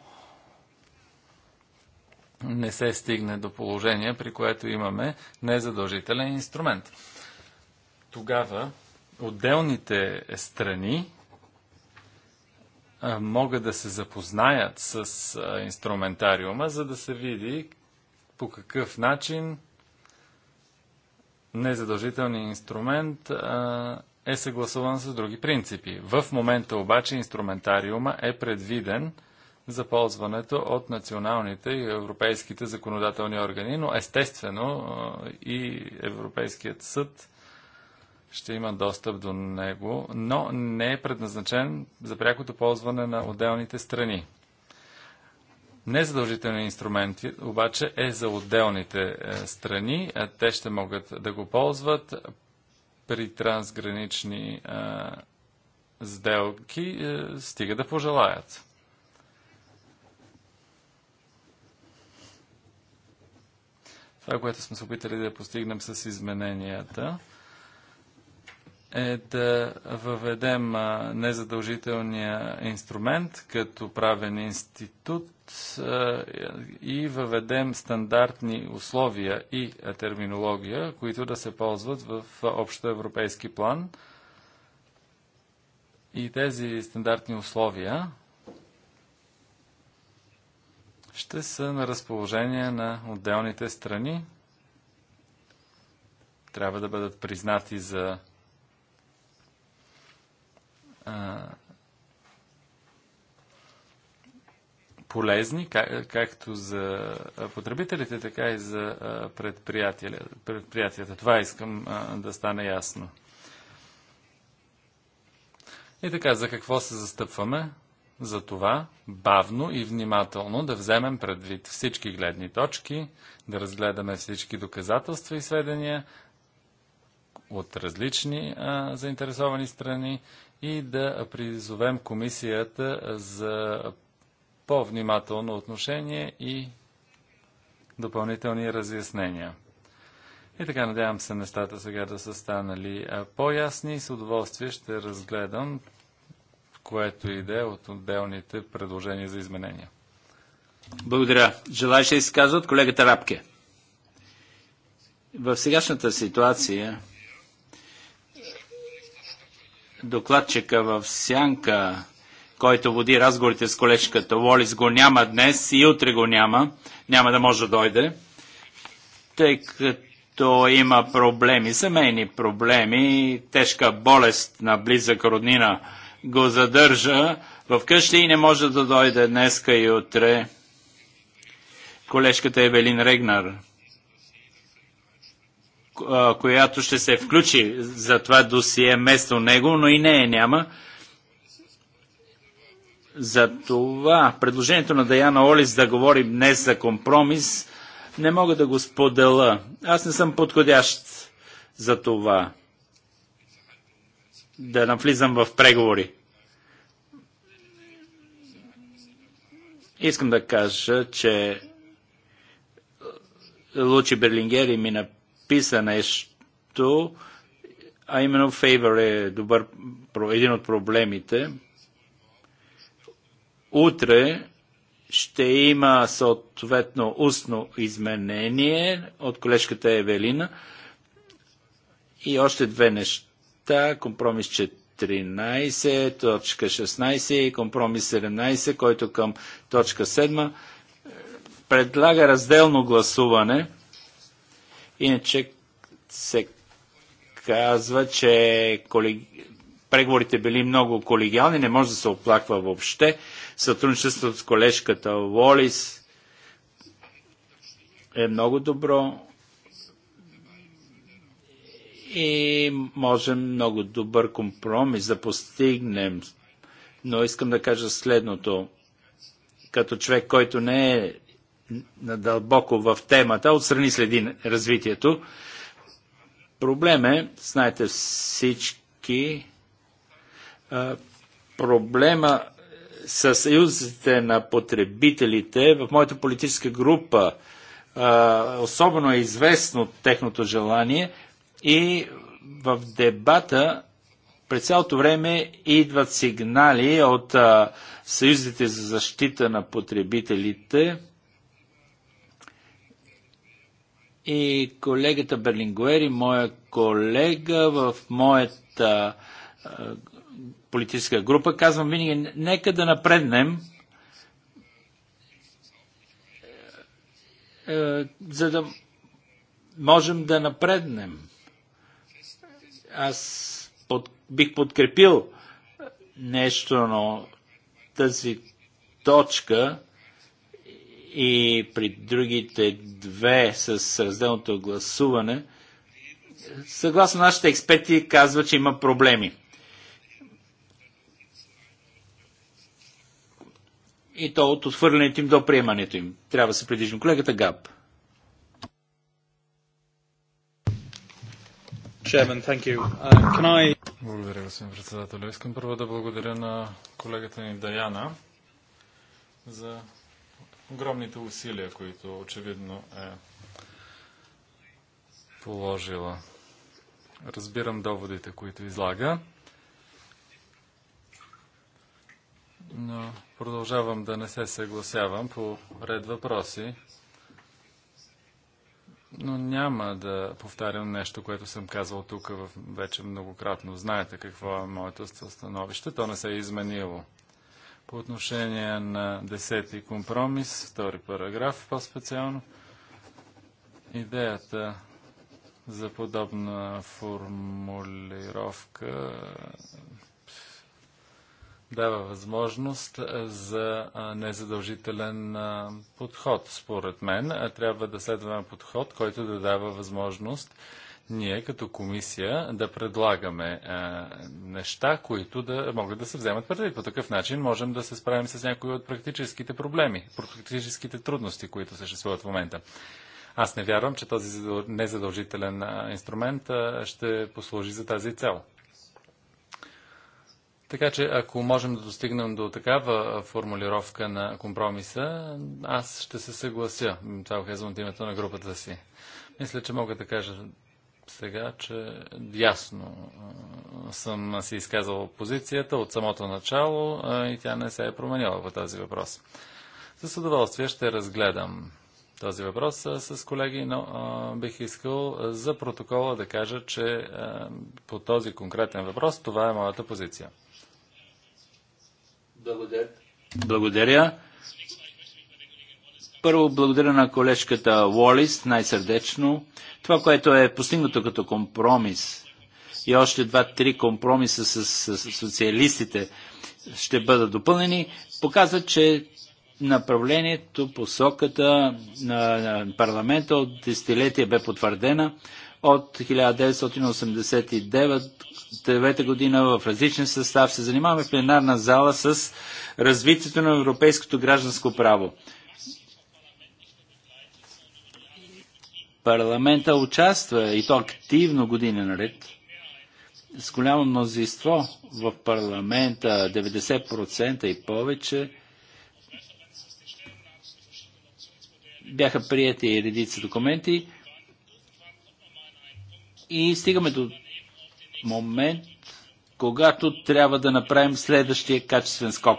не се стигне до положение, при което имаме незадължителен инструмент. Тогава отделните страни могат да се запознаят с инструментариума, за да се види по какъв начин незадължителният инструмент е съгласуван с други принципи. В момента обаче инструментариума е предвиден за ползването от националните и европейските законодателни органи, но естествено и Европейският съд ще има достъп до него, но не е предназначен за прякото ползване на отделните страни. Незадължителният инструмент обаче е за отделните е, страни. Е, те ще могат да го ползват при трансгранични е, сделки, стига да пожелаят. Това, което сме се опитали да постигнем с измененията, е да въведем незадължителния инструмент като правен институт и въведем стандартни условия и терминология, които да се ползват в общо европейски план. И тези стандартни условия ще са на разположение на отделните страни. Трябва да бъдат признати за а, полезни, как, както за потребителите, така и за предприятията. Това искам а, да стане ясно. И така, за какво се застъпваме? Затова бавно и внимателно да вземем предвид всички гледни точки, да разгледаме всички доказателства и сведения от различни а, заинтересовани страни и да призовем комисията за по-внимателно отношение и допълнителни разяснения. И така, надявам се нещата сега да са станали по-ясни и с удоволствие ще разгледам което и да е от отделните предложения за изменения. Благодаря. Желаеш ще изказва от колегата Рапке? В сегашната ситуация докладчика в Сянка, който води разговорите с колежката Волис, го няма днес и утре го няма. Няма да може да дойде, тъй като има проблеми, семейни проблеми, тежка болест на близък роднина – го задържа вкъщи и не може да дойде днеска и утре. Колежката Евелин Регнар, която ще се включи за това досие место него, но и нея няма. За това предложението на Даяна Олис да говори днес за компромис не мога да го споделя. Аз не съм подходящ за това да навлизам в преговори. Искам да кажа, че Лучи Берлингери ми написа нещо, а именно фейвер е добър, един от проблемите. Утре ще има съответно устно изменение от колежката Евелина и още две неща Та, компромис 14, точка 16 и компромис 17, който към точка 7 е, предлага разделно гласуване. Иначе се казва, че преговорите били много колегиални, не може да се оплаква въобще. Сътрудничеството с колежката Волис е много добро и можем много добър компромис да постигнем. Но искам да кажа следното. Като човек, който не е надълбоко в темата, отстрани следи развитието. Проблем е, знаете всички, проблема с съюзите на потребителите в моята политическа група особено е известно техното желание – и в дебата през цялото време идват сигнали от а, съюзите за защита на потребителите. И колегата Берлингуери, моя колега в моята а, политическа група, казвам винаги, нека да напреднем, а, за да можем да напреднем аз под, бих подкрепил нещо, но тази точка и при другите две с разделното гласуване, съгласно нашите експерти, казва, че има проблеми. И то от отвърлянето им до приемането им. Трябва да се предвижим. Колегата Габ. Chairman, thank you. Uh, can I... Благодаря, господин председател. Искам първо да благодаря на колегата ни Даяна за огромните усилия, които очевидно е положила. Разбирам доводите, които излага, но продължавам да не се съгласявам по ред въпроси, но няма да повтарям нещо, което съм казал тук вече многократно. Знаете какво е моето становище. То не се е изменило. По отношение на десети компромис, втори параграф по-специално, идеята за подобна формулировка дава възможност за незадължителен подход. Според мен трябва да следваме подход, който да дава възможност ние като комисия да предлагаме а, неща, които да могат да се вземат предвид. По такъв начин можем да се справим с някои от практическите проблеми, практическите трудности, които съществуват в момента. Аз не вярвам, че този незадължителен инструмент ще послужи за тази цел. Така че, ако можем да достигнем до такава формулировка на компромиса, аз ще се съглася. Това го казвам от името на групата си. Мисля, че мога да кажа сега, че ясно съм си изказал позицията от самото начало и тя не се е променила по този въпрос. С удоволствие ще разгледам този въпрос с колеги, но бих искал за протокола да кажа, че по този конкретен въпрос това е моята позиция. Благодаря. Първо благодаря на колежката Уолис най-сърдечно. Това, което е постигнато като компромис и още два-три компромиса с, с, с социалистите ще бъдат допълнени, показва, че направлението, посоката на парламента от десетилетия бе потвърдена. От 1989 година в различен състав се занимаваме в пленарна зала с развитието на европейското гражданско право. Парламента участва и то активно години наред с голямо мнозинство в парламента, 90% и повече, бяха прияти редица документи, и стигаме до момент, когато трябва да направим следващия качествен скок.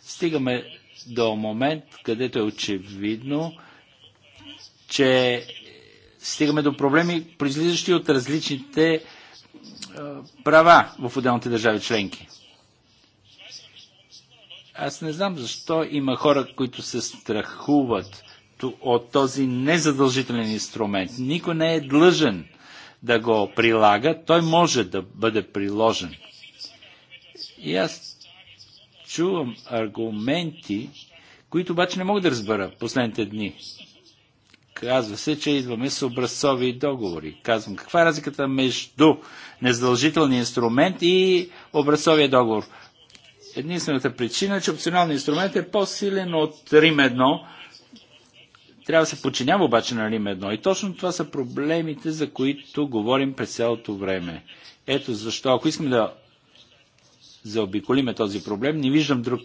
Стигаме до момент, където е очевидно, че стигаме до проблеми, произлизащи от различните е, права в отделните държави членки. Аз не знам защо има хора, които се страхуват от този незадължителен инструмент. Никой не е длъжен да го прилага, той може да бъде приложен. И аз чувам аргументи, които обаче не мога да разбера последните дни. Казва се, че идваме с образцови договори. Казвам, каква е разликата между незадължителния инструмент и образцовия договор? Единствената причина е, че опционалният инструмент е по-силен от Рим трябва да се подчинява обаче на Рим едно. И точно това са проблемите, за които говорим през цялото време. Ето защо, ако искаме да заобиколиме този проблем, не виждам друг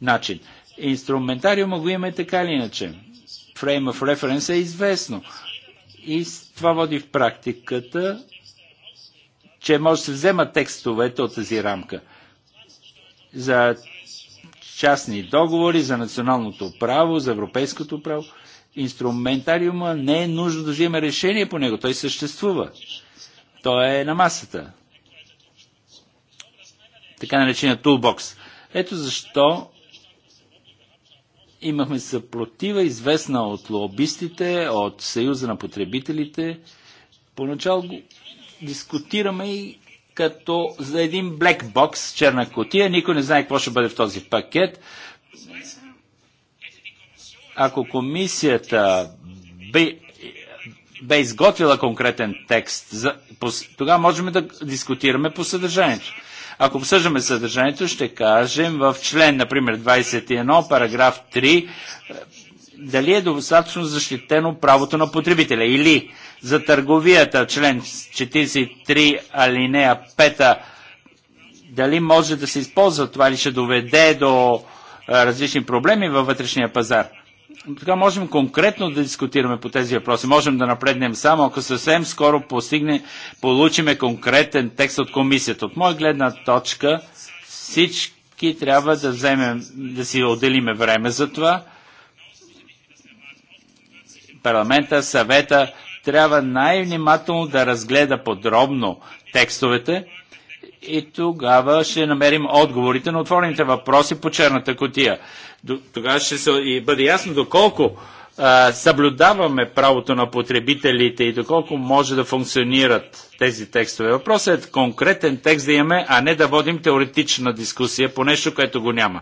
начин. Инструментариума го имаме така или иначе. Frame of reference е известно. И това води в практиката, че може да се вземат текстовете от тази рамка. За частни договори за националното право, за европейското право. Инструментариума не е нужно да взимаме решение по него. Той съществува. Той е на масата. Така наречения тулбокс. Ето защо имахме съпротива, известна от лобистите, от Съюза на потребителите. Поначало дискутираме и като за един black box, черна котия. Никой не знае какво ще бъде в този пакет. Ако комисията би бе изготвила конкретен текст, тогава можем да дискутираме по съдържанието. Ако обсъждаме съдържанието, ще кажем в член, например, 21, параграф 3, дали е достатъчно защитено правото на потребителя или за търговията, член 43 алинея 5, дали може да се използва това или ще доведе до различни проблеми във вътрешния пазар. Така можем конкретно да дискутираме по тези въпроси. Можем да напреднем само, ако съвсем скоро постигне, получиме конкретен текст от комисията. От моя гледна точка всички трябва да вземем, да си отделиме време за това парламента, съвета, трябва най-внимателно да разгледа подробно текстовете и тогава ще намерим отговорите на отворените въпроси по черната котия. Тогава ще се и бъде ясно доколко а, съблюдаваме правото на потребителите и доколко може да функционират тези текстове. Въпросът е конкретен текст да имаме, а не да водим теоретична дискусия по нещо, което го няма.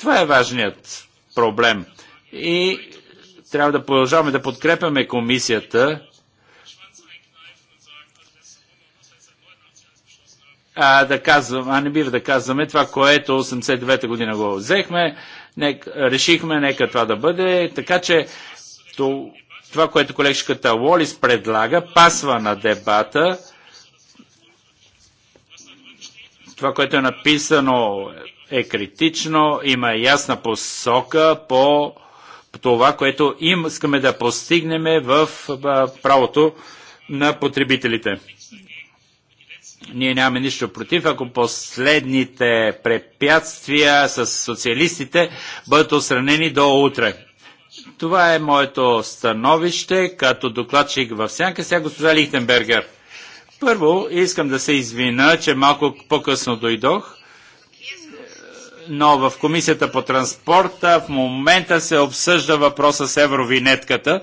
Това е важният проблем. И трябва да продължаваме да подкрепяме комисията. А, да казвам, а не бива да казваме това, което 89-та година го взехме, нек, решихме, нека това да бъде. Така че това, което колегшката Лолис предлага, пасва на дебата. Това, което е написано е критично, има ясна посока по това, което им искаме да постигнем в правото на потребителите. Ние нямаме нищо против, ако последните препятствия с социалистите бъдат отстранени до утре. Това е моето становище като докладчик в сянка. Сега госпожа Лихтенбергер. Първо искам да се извина, че малко по-късно дойдох но в Комисията по транспорта в момента се обсъжда въпроса с евровинетката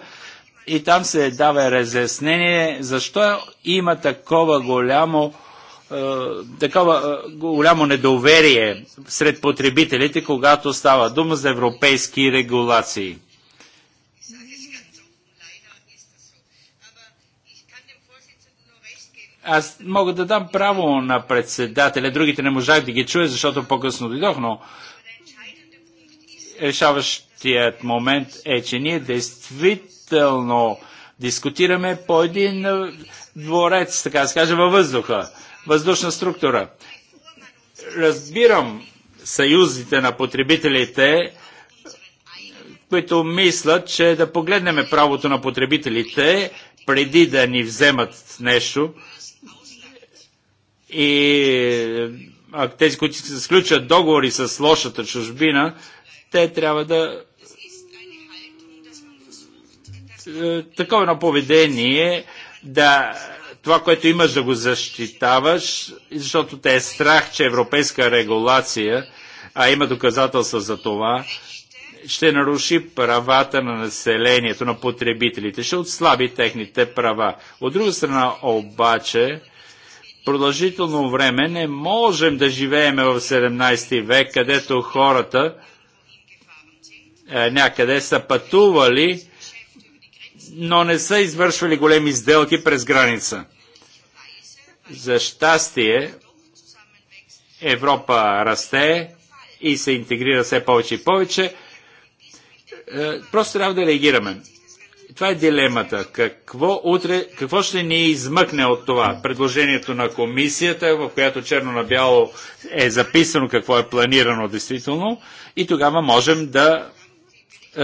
и там се дава разяснение защо има такова голямо е, такова е, голямо недоверие сред потребителите, когато става дума за европейски регулации. Аз мога да дам право на председателя. Другите не можах да ги чуя, защото по-късно дойдох, но решаващият момент е, че ние действително дискутираме по един дворец, така да се във въздуха, въздушна структура. Разбирам съюзите на потребителите, които мислят, че да погледнем правото на потребителите преди да ни вземат нещо, и тези, които се сключат договори с лошата чужбина, те трябва да е, такова едно поведение, да това, което имаш да го защитаваш, защото те е страх, че европейска регулация, а има доказателства за това, ще наруши правата на населението, на потребителите, ще отслаби техните права. От друга страна обаче, продължително време не можем да живееме в 17 век, където хората е, някъде са пътували, но не са извършвали големи сделки през граница. За щастие, Европа расте и се интегрира все повече и повече. Е, просто трябва да реагираме това е дилемата. Какво, утре, какво ще ни измъкне от това? Предложението на комисията, в която черно на бяло е записано какво е планирано действително и тогава можем да е,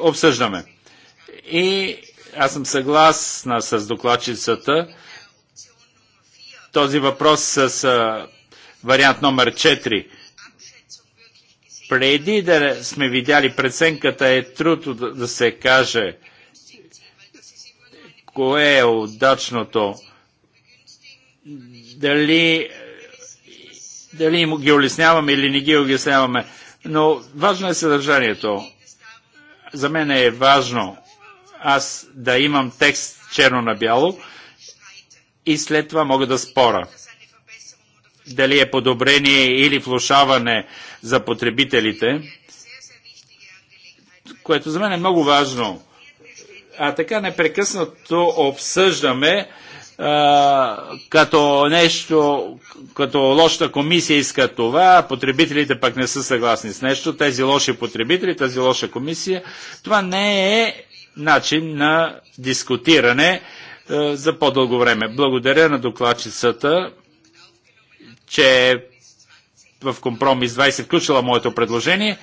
обсъждаме. И аз съм съгласна с докладчицата. Този въпрос с е, вариант номер 4 преди да сме видяли преценката е трудно да се каже – кое е удачното, дали, дали ги улесняваме или не ги улесняваме. Но важно е съдържанието. За мен е важно аз да имам текст черно на бяло и след това мога да спора. Дали е подобрение или влушаване за потребителите, което за мен е много важно а така непрекъснато обсъждаме а, като нещо, като лошата комисия иска това, потребителите пък не са съгласни с нещо, тези лоши потребители, тази лоша комисия, това не е начин на дискутиране а, за по-дълго време. Благодаря на докладчицата, че в компромис 20 включила моето предложение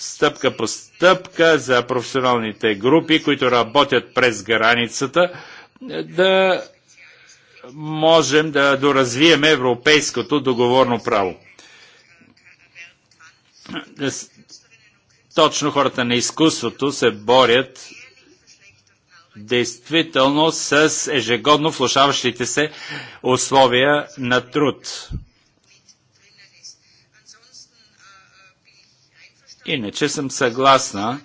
стъпка по стъпка за професионалните групи, които работят през границата, да можем да доразвием европейското договорно право. Точно хората на изкуството се борят действително с ежегодно влушаващите се условия на труд. Иначе съм съгласна.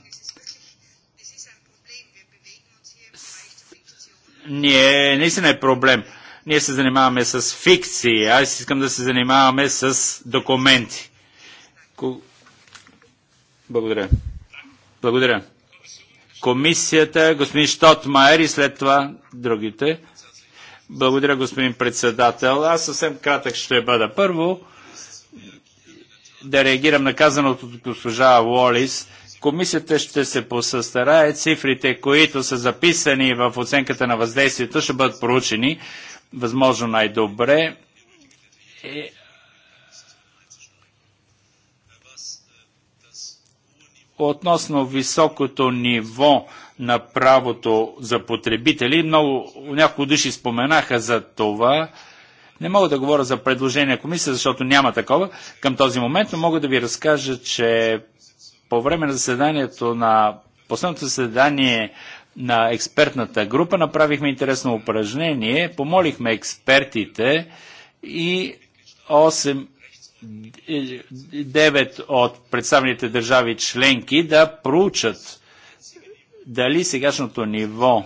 Ние наистина е проблем. Ние се занимаваме с фикции. Аз искам да се занимаваме с документи. Благодаря. Благодаря. Комисията, господин Штотмайер и след това другите. Благодаря, господин председател. Аз съвсем кратък ще бъда. Първо, да реагирам на казаното от госпожа Уолис. Комисията ще се посъстарае цифрите, които са записани в оценката на въздействието, ще бъдат проучени възможно най-добре. Е, относно високото ниво на правото за потребители, много, няколко души споменаха за това. Не мога да говоря за предложение на комисия, защото няма такова към този момент, но мога да ви разкажа, че по време на заседанието на последното заседание на експертната група направихме интересно упражнение. Помолихме експертите и 8 9 от представените държави членки да проучат дали сегашното ниво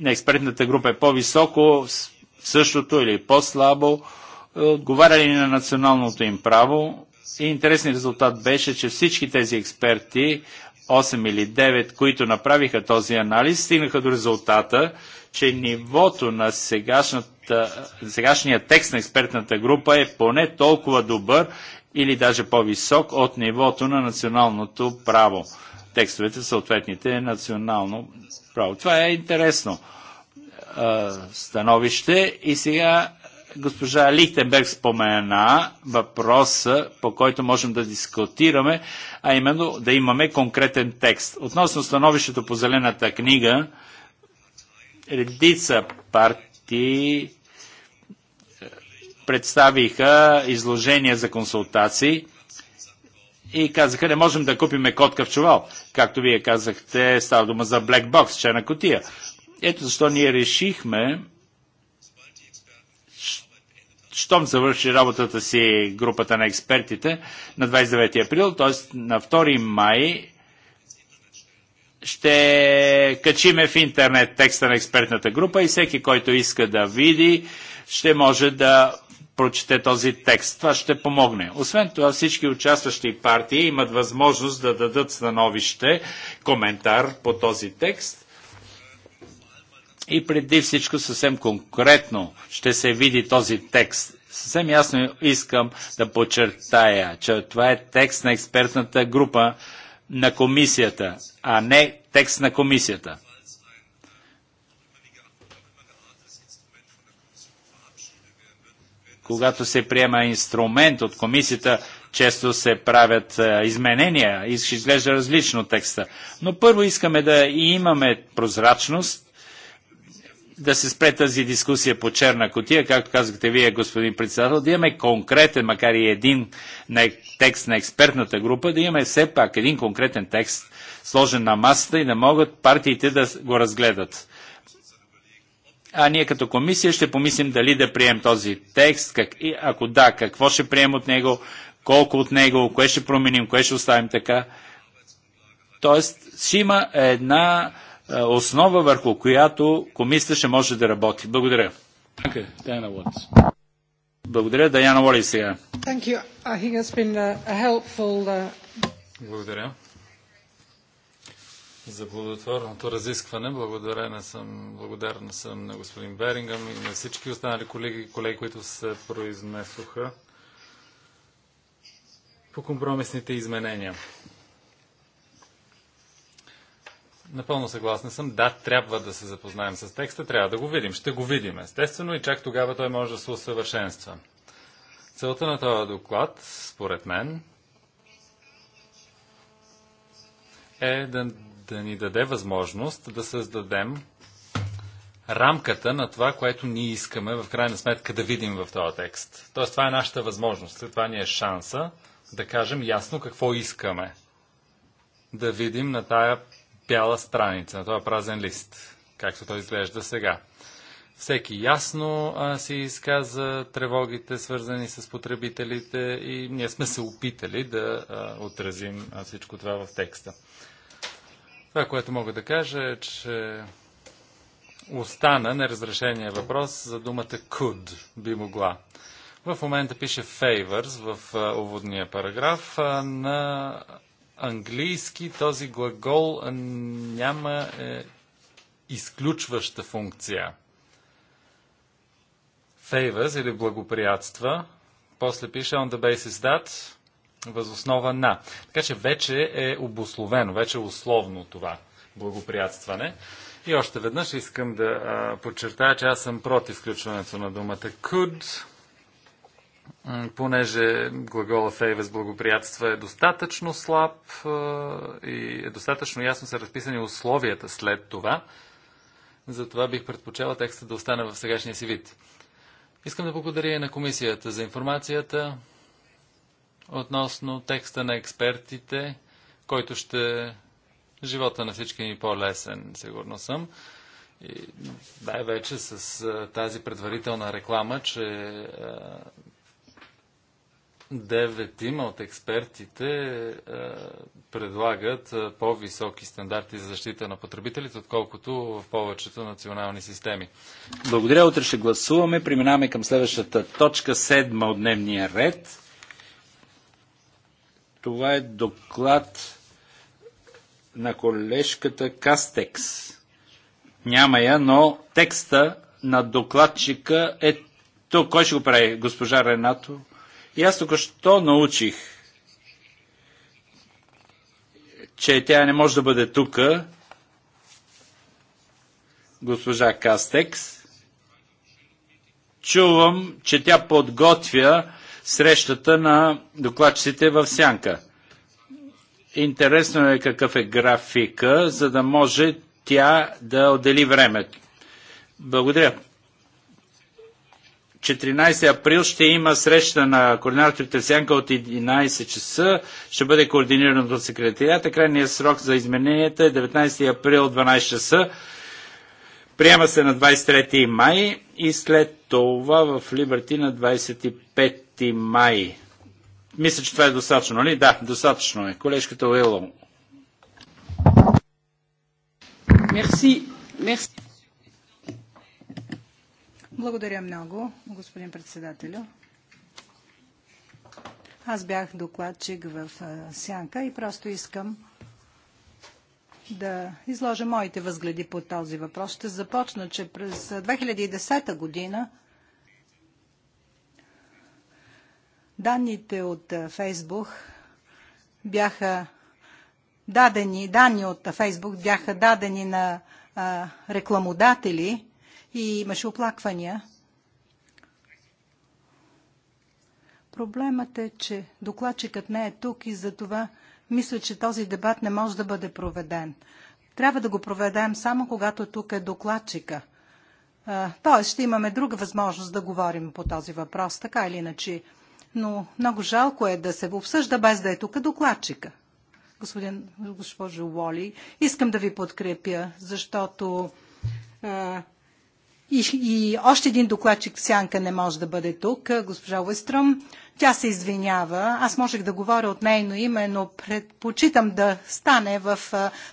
на експертната група е по-високо, същото или по-слабо, е, отговаряли на националното им право. И интересният резултат беше, че всички тези експерти, 8 или 9, които направиха този анализ, стигнаха до резултата, че нивото на сегашния текст на експертната група е поне толкова добър или даже по-висок от нивото на националното право текстовете в съответните национално право. Това е интересно а, становище. И сега госпожа Лихтенберг спомена въпроса, по който можем да дискутираме, а именно да имаме конкретен текст. Относно становището по Зелената книга, редица партии е, представиха изложения за консултации и казаха, не можем да купиме котка в чувал. Както вие казахте, става дума за Black Box, чена котия. Ето защо ние решихме, щом завърши работата си групата на експертите на 29 април, т.е. на 2 май, ще качиме в интернет текста на експертната група и всеки, който иска да види, ще може да прочете този текст. Това ще помогне. Освен това, всички участващи партии имат възможност да дадат становище, коментар по този текст. И преди всичко съвсем конкретно ще се види този текст. Съвсем ясно искам да подчертая, че това е текст на експертната група на комисията, а не текст на комисията. когато се приема инструмент от комисията, често се правят е, изменения и ще изглежда различно текста. Но първо искаме да имаме прозрачност, да се спре тази дискусия по черна котия, както казахте вие, господин председател, да имаме конкретен, макар и един текст на експертната група, да имаме все пак един конкретен текст, сложен на масата и да могат партиите да го разгледат. А ние като комисия ще помислим дали да прием този текст, как, и ако да, какво ще прием от него, колко от него, кое ще променим, кое ще оставим така. Тоест, ще има една е, основа, върху която комисията ще може да работи. Благодаря. Благодаря, Даяна Уолис сега. Uh, Благодаря за благотворното разискване. Благодарена съм, благодарна съм на господин Берингъм и на всички останали колеги, колеги които се произнесоха по компромисните изменения. Напълно съгласна съм. Да, трябва да се запознаем с текста, трябва да го видим. Ще го видим, естествено, и чак тогава той може да се усъвършенства. Целта на този доклад, според мен, е да да ни даде възможност да създадем рамката на това, което ние искаме в крайна сметка да видим в този текст. Тоест, това е нашата възможност, това ни е шанса да кажем ясно какво искаме. Да видим на тая бяла страница, на този празен лист, както той изглежда сега. Всеки ясно а, си изказа тревогите, свързани с потребителите и ние сме се опитали да а, отразим а, всичко това в текста. Това, което мога да кажа е, че остана неразрешения въпрос за думата could, би могла. В момента пише favors в уводния параграф. На английски този глагол няма е, изключваща функция. Favors или благоприятства. После пише on the basis that възоснова на. Така че вече е обословено, вече е условно това благоприятстване. И още веднъж искам да а, подчертая, че аз съм против включването на думата could, понеже глагола favors благоприятства е достатъчно слаб а, и е достатъчно ясно са разписани условията след това. Затова бих предпочела текста да остане в сегашния си вид. Искам да благодаря и на комисията за информацията относно текста на експертите, който ще живота на всички ни е по-лесен, сигурно съм. И дай вече с а, тази предварителна реклама, че девет деветима от експертите а, предлагат по-високи стандарти за защита на потребителите, отколкото в повечето национални системи. Благодаря, утре ще гласуваме. Преминаваме към следващата точка, седма от дневния ред. Това е доклад на колежката Кастекс. Няма я, но текста на докладчика е тук. Кой ще го прави? Госпожа Ренато? И аз тук що научих, че тя не може да бъде тук. Госпожа Кастекс. Чувам, че тя подготвя срещата на докладчиците в Сянка. Интересно е какъв е графика, за да може тя да отдели времето. Благодаря. 14 април ще има среща на координаторите в Сянка от 11 часа. Ще бъде координирано от секретарията. Крайният срок за измененията е 19 април 12 часа. Приема се на 23 май и след това в Либерти на 25 май. Мисля, че това е достатъчно, нали? Да, достатъчно е. Колежката Уилло. Мерси. Мерси. Благодаря много, господин председателю. Аз бях докладчик в Сянка и просто искам да изложа моите възгледи по този въпрос. Ще започна, че през 2010 година данните от Фейсбук бяха дадени, данни от Фейсбук бяха дадени на рекламодатели и имаше оплаквания. Проблемът е, че докладчикът не е тук и за това мисля, че този дебат не може да бъде проведен. Трябва да го проведем само когато тук е докладчика. Тоест ще имаме друга възможност да говорим по този въпрос, така или иначе. Но много жалко е да се обсъжда без да е тук докладчика. Господин, госпожо Уоли, искам да ви подкрепя, защото и, и още един докладчик в сянка не може да бъде тук, госпожа Уестръм. Тя се извинява. Аз можех да говоря от нейно име, но предпочитам да стане в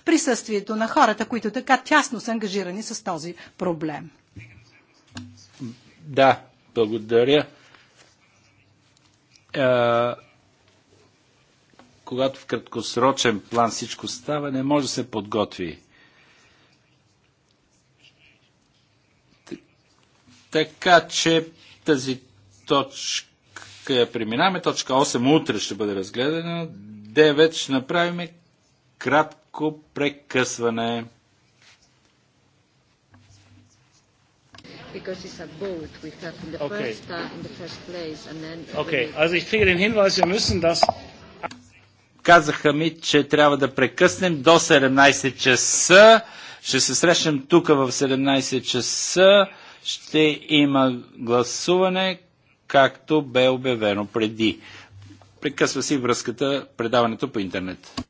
присъствието на хората, които така тясно са ангажирани с този проблем. Да, благодаря. А, когато в краткосрочен план всичко става, не може да се подготви Така че тази точка я преминаваме. Точка 8 утре ще бъде разгледана. 9 ще направим кратко прекъсване. because it's a boat we have in the uh, first place and then Казаха ми, че трябва да прекъснем до 17 часа. Ще се срещнем тук в 17 часа ще има гласуване, както бе обявено преди. Прекъсва си връзката, предаването по интернет.